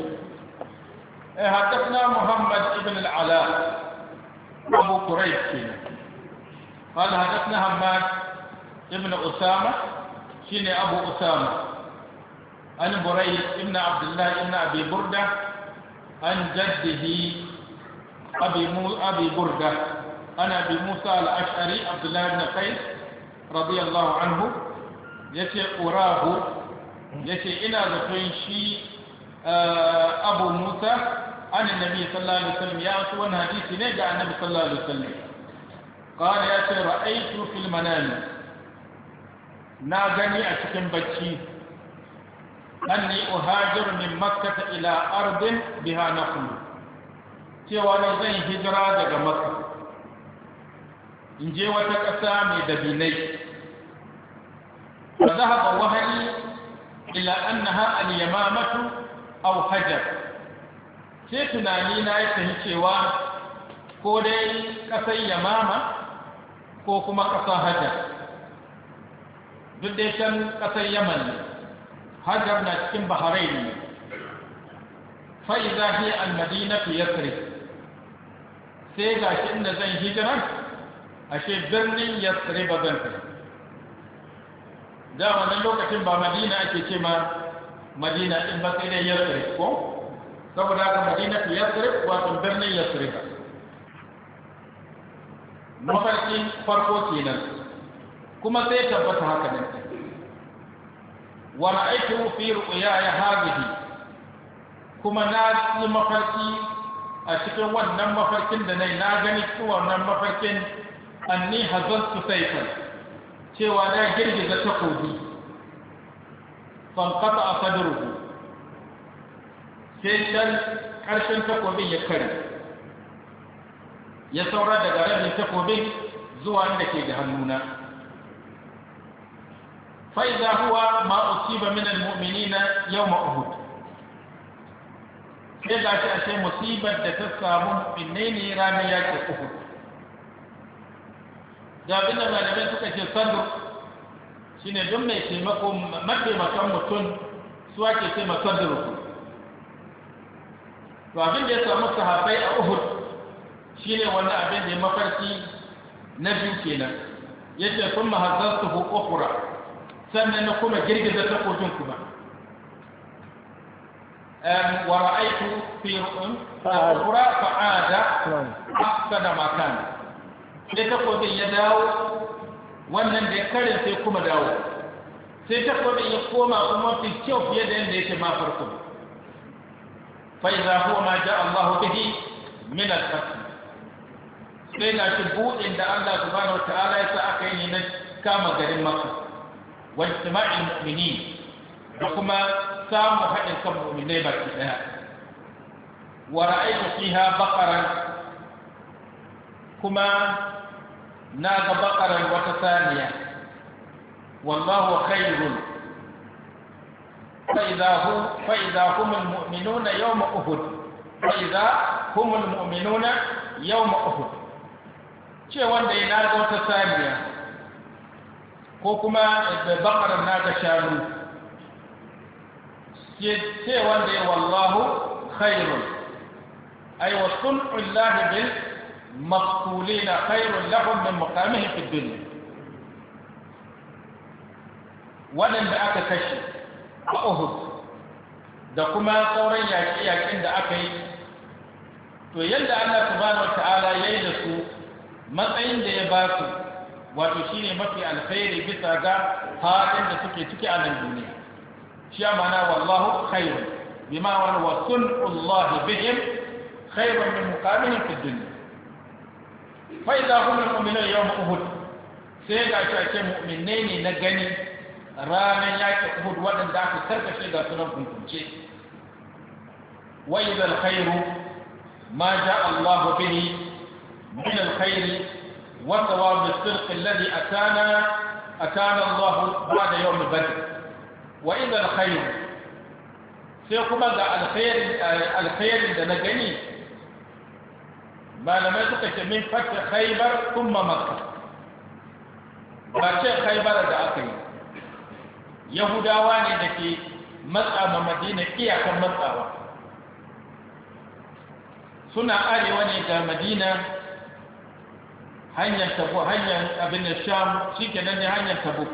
إيه، حدثنا محمد بن العلاء أبو قريش قال حدثنا حماد بن أسامة شين أبو أسامة عن بريد بن عبد الله بن أبي بردة عن جده أبي, مو أبي بردة عن أبي موسى الأشعري عبد الله بن قيس radiyallahu anhu yace urahu yace ina zaton shi eh, abu musa an annabi sallallahu alaihi wasallam ya su wannan hadisi ne ga annabi sallallahu alaihi wasallam qala yace ra'aytu fil na gani a cikin bacci anni uhajiru min makkah ila ardin biha naqlu cewa na zan hijira daga maka in je wata ƙasa mai dabinai فذهب وهلي إلى أنها اليمامة أو حجر sai tunani na ya tafi cewa ko dai ƙasar yamama ko kuma ƙasar hajar duk dai ƙasar yaman hajar na cikin baharai ne fa'iza hiya al-madina fi yasrib sai gashi inda zan hijirar ashe birnin yasrib zan dama nan lokacin ba madina ake ce ma madina din ba sai dai yasrib ko saboda haka madina ta ba wato birnin ba. mafarkin farko kenan kuma sai tabbata haka ne wa ra'aytu fi ya hadhihi kuma na yi mafarki a cikin wannan mafarkin da nai na gani cewa wannan mafarkin anni hazantu sayfan cewa na girgiza takobi fankata a sadruhu sai ƙarshen takobin ya kare ya saura daga rabin takobin zuwa inda ke da hannuna fa'iza huwa ma minan min na yau uhud sai ga shi ashe musibar da ta samu mu'minai ne ranar yakin uhud da abin da malamai suka ce sandu shine don mai taimako mataimakan mutum su ake ce masandu to abin da ya samu sahabbai a Uhud ne wani abin da ya mafarki na biyu kenan yace sun mahazzartu kura sannan na kuma girgiza takobin kuma wa ra'aytu fi kura fa'ada ahsana ma kana sai takobin ya dawo wannan da ya karin sai kuma dawo sai takobin ya koma kuma fi kyau fiye da yadda yake ma farko fa iza huwa ma ja'a Allahu bihi min al-fath sai na ci buɗin da Allah subhanahu wa ta'ala ya sa aka yi na kama garin Makka wa istima'il mu'minin da kuma samu haɗin kan mu'minai baki ɗaya wa ra'aytu fiha baqaran kuma نادى بقرا وك والله خير فإذا هم فإذا هم المؤمنون يوم أحد فإذا هم المؤمنون يوم أحد شيء وندى ناغ وك كوكما بقرا ناغ شانو شيء وندى والله خير أي أيوة وصنع الله بالخير مقتولين خير لهم من مقامهم في الدنيا waɗanda aka kashe a Uhud da kuma sauran yaƙe-yaƙen da aka yi to yadda Allah subhanahu ta'ala ya yi da su matsayin da ya ba su wato shi ne mafi alkhairi bisa ga halin da suke ciki a nan duniya shi ya mana wallahu khairun bima wa sun'ullahi bihim khairun min muqamihim fid dunya فإذا هم المؤمنون يوم أهد سيدا شاكي مؤمنين نغني رانا ياك أهد ودن داك سرك شيدا سنم كنتمشي وإذا الخير ما جاء الله به من الخير وثواب الصدق الذي أتانا أتانا الله بعد يوم بدر وإذا الخير سيقوم الخير الخير ده نغني malamai suka ce min fata khaibar kuma maka ba ce khaibar da aka yi yahudawa ne da ke matsa ma madina iyakan matsawa suna arewa ne da madina hanyar tabo hanyar abin da sham shi ke nan ne hanyar tabo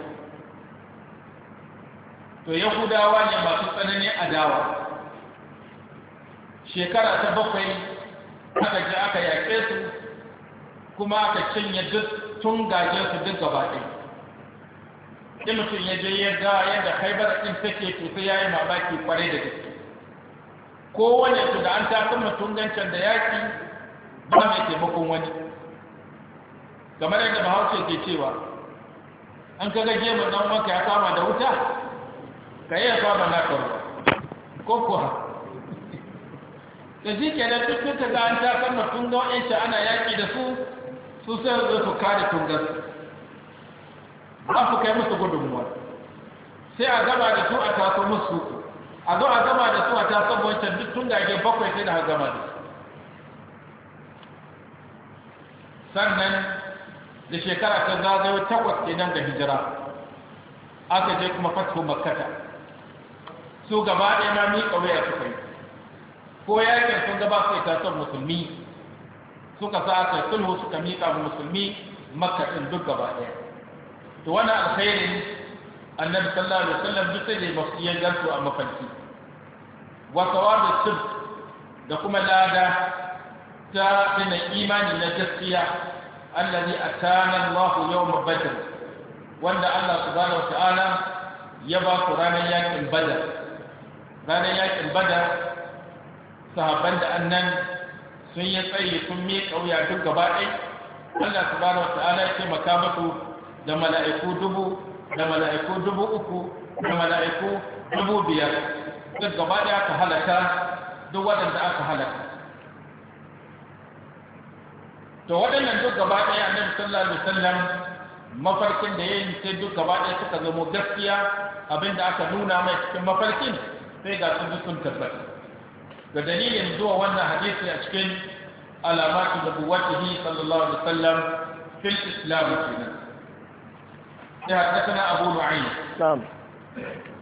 to yahudawa ne masu tsananin adawa shekara ta bakwai aka ji aka yaƙe su kuma aka cinye duk tun gaje su duk gaba ɗin ɗin mutum ya je ya ga yadda haibar ɗin take to sai ya yi mamaki kwarai da gaske kowane su da an tafi mutum gancan da yaƙi ba mai taimakon wani kamar yadda bahaushe ke cewa an kaga mu ɗan wanka ya kama da wuta ka yi ya saba na karo ko kuwa da shi ke da duk suka ga an ta sama tunga wa'in ana yaƙi da su su sai zai su kare su. ba su kai musu gudunmuwa sai a gaba da su a taso musu a zo a gaba da su a taso wancan duk tun da ake bakwai sai da a gaba da su sannan da shekara ta zagayo takwas kenan ga hijira aka je kuma fatihu makkata su gaba ɗaya na miƙa waya suka yi ko yakin sun gaba sai ta son musulmi suka sa aka sulhu suka miƙa ga musulmi makka din duk gaba ɗaya to wani alkhairin annabi sallallahu alaihi wasallam duk sai ba su yan a mafarki wa sawabu sir da kuma lada ta dina imani na gaskiya allazi atana Allah yawm badr wanda Allah subhanahu wa ta'ala ya ba ku ranar yakin badar ranar yakin badar sahabban da annan sun yi tsaye sun mi kauya duk gaba ɗai Allah subhanahu ta'ala ya taimaka musu da mala'iku dubu da mala'iku dubu uku da mala'iku dubu biyar duk gaba ɗaya aka halaka duk waɗanda aka halaka to waɗannan duk gaba ɗaya annabi sallallahu alaihi wasallam mafarkin da ya yi sai duk gaba ɗaya suka zamo gaskiya abinda aka nuna mai cikin mafarkin sai ga sun sun tabbata da dalilin zuwa wannan hadisi a cikin alamatu da buwatihi sallallahu alaihi wasallam fil islam kenan ya haddathana abu nu'aym na'am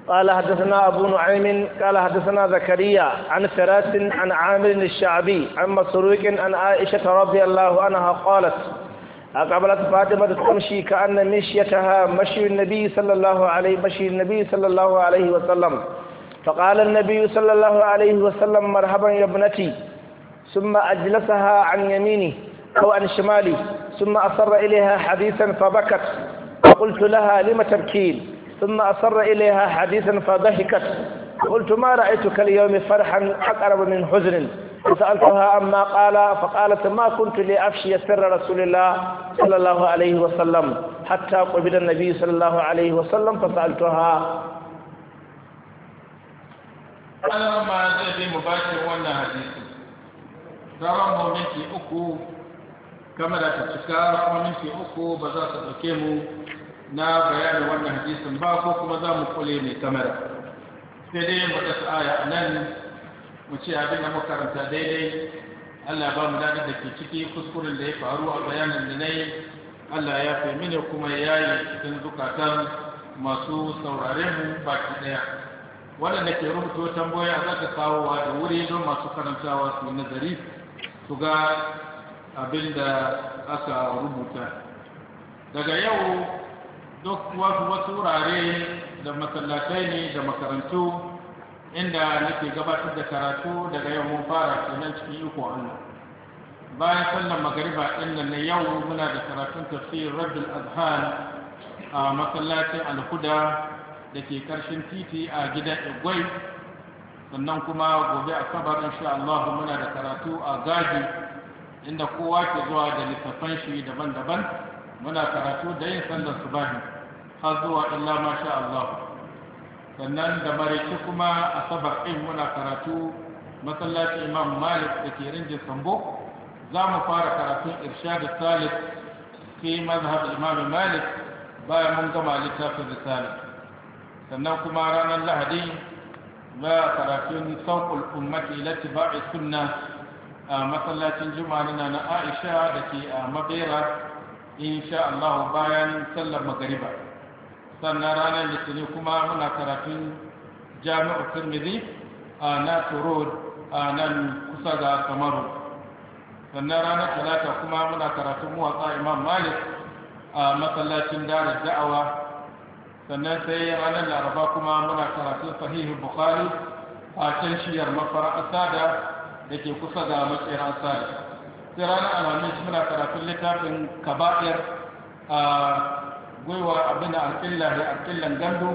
قال حدثنا أبو نعيم قال حدثنا زكريا عن فراس عن عامر الشعبي عن مسروق عن عائشة رضي الله عنها قالت أقبلت فاطمة تمشي كأن مشيتها مشي النبي صلى الله عليه مشي النبي صلى الله عليه وسلم فقال النبي صلى الله عليه وسلم مرحبا يا ابنتي ثم أجلسها عن يميني أو عن شمالي ثم أصر إليها حديثا فبكت فقلت لها لم تبكين ثم أصر إليها حديثا فضحكت قلت ما رأيتك اليوم فرحا أقرب من حزن فسألتها عما قال فقالت ما كنت لأفشي سر رسول الله صلى الله عليه وسلم حتى قبل النبي صلى الله عليه وسلم فسألتها ana ma zai bi mu shi wannan hadisi sauran mu minti uku kamar ta cika kuma uku ba za su ɗauke mu na bayanin wannan hadisin ba ko kuma za mu kule mai kamar sai dai mu ta aya nan mu ce abin da makaranta daidai Allah ba mu dadi da ke ciki kuskuren da ya faru a bayanin da na yi Allah ya fi mini kuma ya yi cikin zukatan masu sauraren mu baki ɗaya. waɗanda ke rubuto tamboya za ta wa da wuri don masu karantawa su nazari su ga abin da aka rubuta daga yau duk wasu wasu wurare da masallatai ne da makarantu inda nake gabatar da karatu daga yau mun fara kenan cikin ikon Allah bayan sallar magariba inda nan na yau muna da karatun tafsir rabbul azhan a masallacin alhuda da ke karshen titi a gidan igwai sannan kuma gobe asabar insha Allah muna da karatu a gaji inda kowa ke zuwa da littafan shi daban-daban muna karatu da yin sallar subahi har zuwa illa masha Allah sannan da maraice kuma asabar ɗin muna karatu masallaci imam malik da ke rinjin sambo za mu fara karatun irshadu salif fi mazhab imam malik bayan mun gama littafin risala sannan kuma ranar lahadi za a karatun sauƙul ummati ba tiba'i sunna a masallacin juma'a na Aisha da ke a Mabera insha Allah bayan sallar magariba sannan ranar litinin kuma muna karatun jami'ar Tirmidhi a Nato Road a nan kusa da Kamaru sannan ranar talata kuma muna karatun muwatsa Imam Malik a masallacin darar da'awa sannan sai ranar laraba kuma muna karatun sahihin bukhari a can shiyar mafara asada da ke kusa ga makera asada sai ranar alhamis muna karatun littafin kaba'ir a gwiwa abin da alƙilla da alƙillan gandu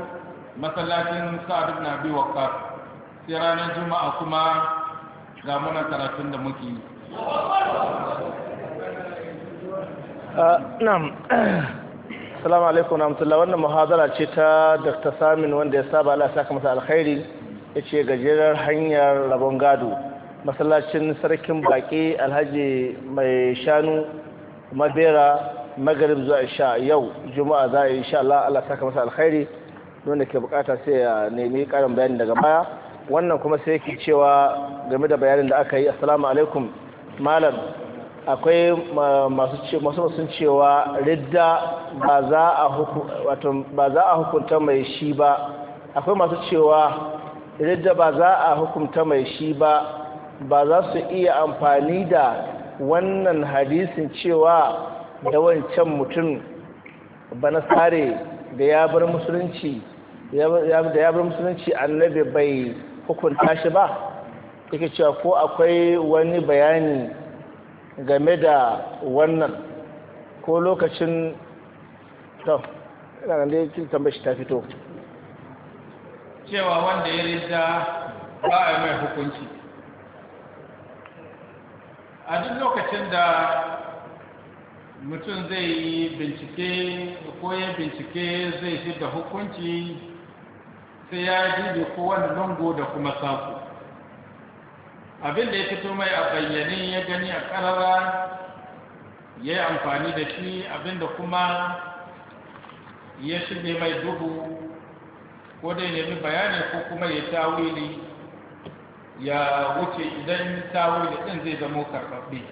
masallacin sa'ad ibn abi waqqas sai ranar juma'a kuma ga muna karatun da muke yi na'am Assalamu alaikum rahmatullah wannan muhazara ce ta Dr. Samin wanda ya saba Allah saka masa alkhairi ya ce gajerar hanyar rabon gado masallacin sarkin baƙi Alhaji mai shanu Mabera magarib zuwa isha yau juma'a za a yi insha Allah Allah saka masa alkhairi da ke bukata sai ya nemi karin bayani daga baya wannan kuma sai yake cewa game da bayanin da aka yi assalamu alaikum malam akwai masu masu cewa ridda ba za a hukunta mai shi ba akwai masu cewa ridda ba za a hukunta mai shi ba ba za su iya amfani da wannan hadisin cewa da wancan mutum ba na tsare da ya bar musulunci da ya bar musulunci annabi bai hukunta shi ba yake cewa ko akwai wani bayani game da wannan ko lokacin to ina da tambar shi ta fito cewa wanda ya rida ba a mai hukunci a duk lokacin da mutum zai yi bincike ko ya bincike zai shi da hukunci sai ya dubi kowane lungu da kuma saku abin da ya fito mai a bayyane ya gani a karara ya yi amfani da shi abin da kuma ya shirme mai duhu ko dai nemi bayani ko kuma ya tawili ya wuce idan tawili din zai zama karfafi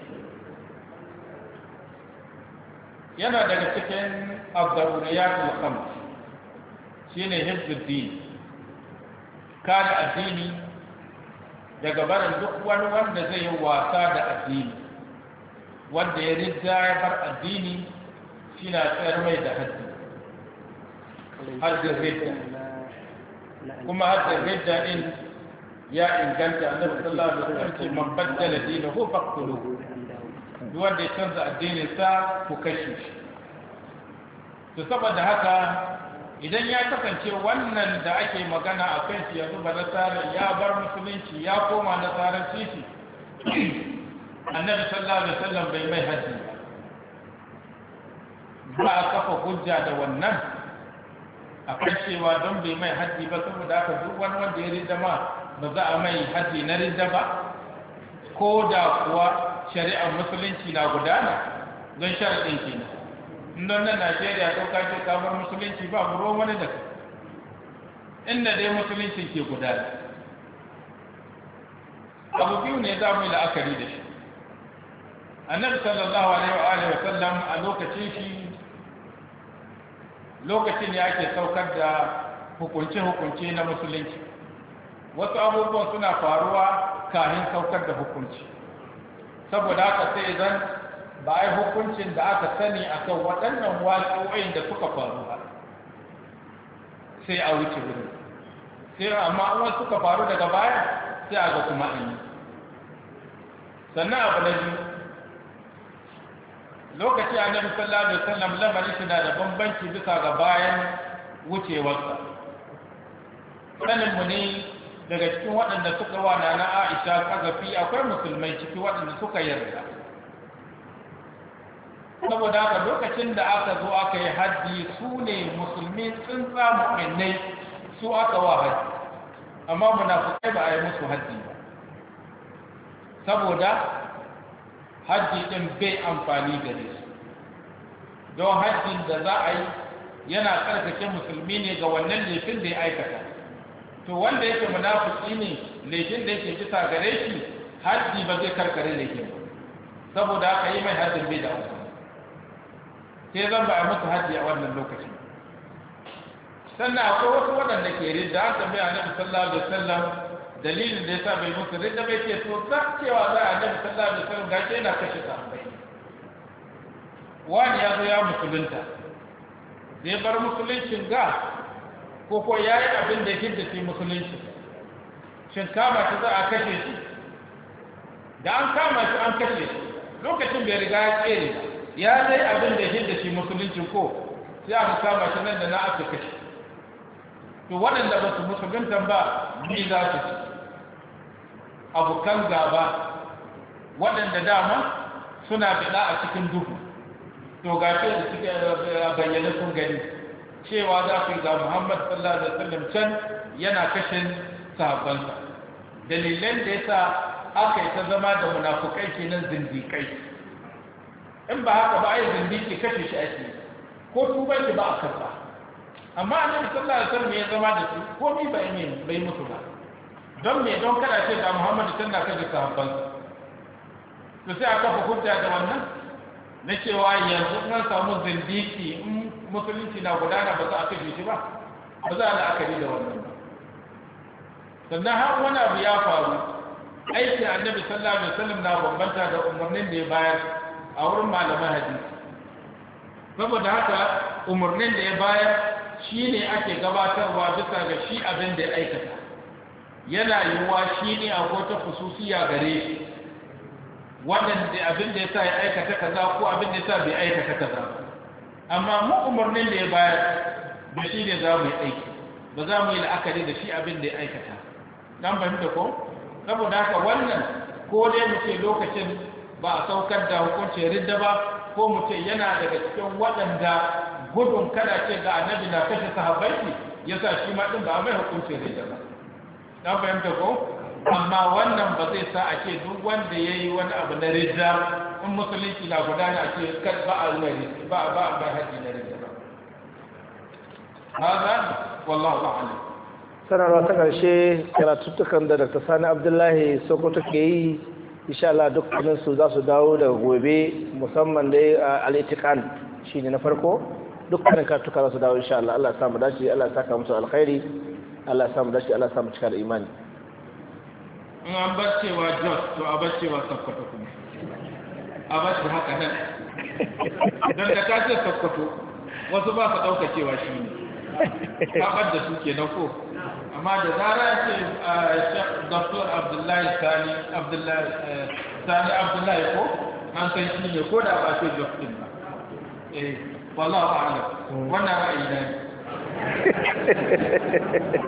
yana daga cikin abdurriyatul khamsi shi ne din kare addini daga barin duk wani wanda zai yi wasa da addini wanda ya ridda ya bar addini shi na tsayar mai da haddi haddin ridda kuma haddin ridda din ya inganta annabi sallallahu alaihi wasallam ce man baddala dinahu faqtuluhu duk wanda ya canza addinin sa ku kashe shi to saboda haka idan ya kasance wannan da ake magana a kan shi yanzu ba nasara ya bar musulunci ya koma nasarar shi annabi sallallahu alaihi wasallam bai mai haji ba a kafa hujja da wannan a kan cewa don bai mai haji ba saboda aka duk wani wanda ya rinda ma ba za a mai haji na rinda ba ko da kuwa shari'ar musulunci na gudana don sharaɗin kenan don na najeriya ko ka ce kamar musulunci ba ruwan wani da inda dai musulunci ke da. abu biyu ne za mu yi la'akari da shi annabi sallallahu alaihi wa sallam a lokacin shi lokacin ya ake saukar da hukunce-hukunce na musulunci wasu abubuwan suna faruwa kafin saukar da hukunci saboda haka sai zan ba yi hukuncin da aka sani a kan waɗannan waƙo'in da suka faru ba sai a wuce wuri sai amma wasu suka faru daga baya sai a ga kuma an yi sannan abu na biyu lokaci annabi sallallahu alaihi wasallam lamarin shi na da bambanci bisa ga bayan wucewarsa sanin ne daga cikin waɗanda suka wa na Aisha kazafi akwai musulmai ciki waɗanda suka yarda saboda haka lokacin da aka zo aka yi haddi su ne musulmi tsuntsa mu'minai su aka wa haddi amma munafukai ba a yi musu haddi ba saboda haddi ɗin bai amfani da su don haddin da za a yi yana ƙarfashe musulmi ne ga wannan laifin da ya aikata to wanda yake munafuki ne laifin da yake bisa gare shi haddi ba zai karkare laifin ba saboda aka yi mai haddin bai da amfani sai zan ba a musu hajji a wannan lokaci sannan akwai wasu waɗanda ke ridda an tambaya annabi sallallahu alaihi wasallam dalilin da ya sa bai musu da bai ce to za cewa za a annabi sallallahu alaihi wasallam gashi yana kashe sahabbai wani ya zo ya musulunta zai bar musuluncin ga ko ko ya yi abin da hidda shi musulunci shin kama shi za a kashe shi da an kama shi an kashe shi lokacin bai riga ya tsere ba ya dai abin da hidda shi musulunci ko sai aka kama shi nan da na aka kashe to waɗanda ba su musulunta ba ni za su ci abokan gaba waɗanda dama suna bida a cikin duhu to ga shi da suke eh, bayyana sun gani cewa za su ga muhammad sallallahu alaihi wasallam can yana kashe sahabbansa dalilan da yasa aka yi ta zama da munafukai kenan zindikai in ba haka ba a yi ai ke kashe shi ake ko tuban ki ba a karba amma annabi sallah da sallah ya zama da su ni ba yi bai mutu ba don me don kada ce da Muhammadu tana kashe sahabban su sai aka fa hujja da wannan na cewa yanzu an samu zindiki in musulunci na gudana ba za a kashe shi ba ba za a la'akari da wannan ba sannan har wani abu ya faru aikin annabi sallallahu alaihi wasallam na bambanta da umarnin da ya bayar a wurin malaman hadisi saboda haka umarnin da ya bayar shi ne ake gabatarwa bisa ga shi abin da ya aikata yana yiwuwa shi ne a kota fususiya gare shi waɗanda abin da ya sa ya aikata kaza ko abin da ya sa bai aikata kaza amma mu umarnin da ya bayar da shi ne za mu yi aiki ba za mu yi la'akari da shi abin da ya aikata dan fahimta ko saboda haka wannan ko dai mu ce lokacin ba a saukar da hukuncin ridda ba ko mutum yana daga cikin waɗanda gudun kada ce ga annabi na kashe sahabbai ya sa shi ma ɗin ba a mai hukuncin ridda ba na fahimta ko amma wannan ba zai sa a ce duk wanda ya yi wani abu na ridda in musulunci na gudana a ce kad ba a mai ba a ba haji na ridda ba haza wallahu a'lam sanarwa ta ƙarshe karatuttukan da dr sani abdullahi sokoto ke yi insha Allah dukkanin su za su dawo daga gobe musamman dai al-itiqan shine na farko dukkanin kartuka za su dawo insha Allah Allah ya samu dace Allah ya saka musu alkhairi Allah ya samu dace Allah ya samu cika da imani in an bar cewa Jos to a bar cewa Sokoto kuma a bar shi haka nan don da ka ce Sokoto wasu ba su ɗauka cewa shi ne ka bar da suke kenan ko amma da zara ce shek dr abdullahi eh, sani abdullahi ko an shi ne ko da ba ce ba eh wallahu a'lam wannan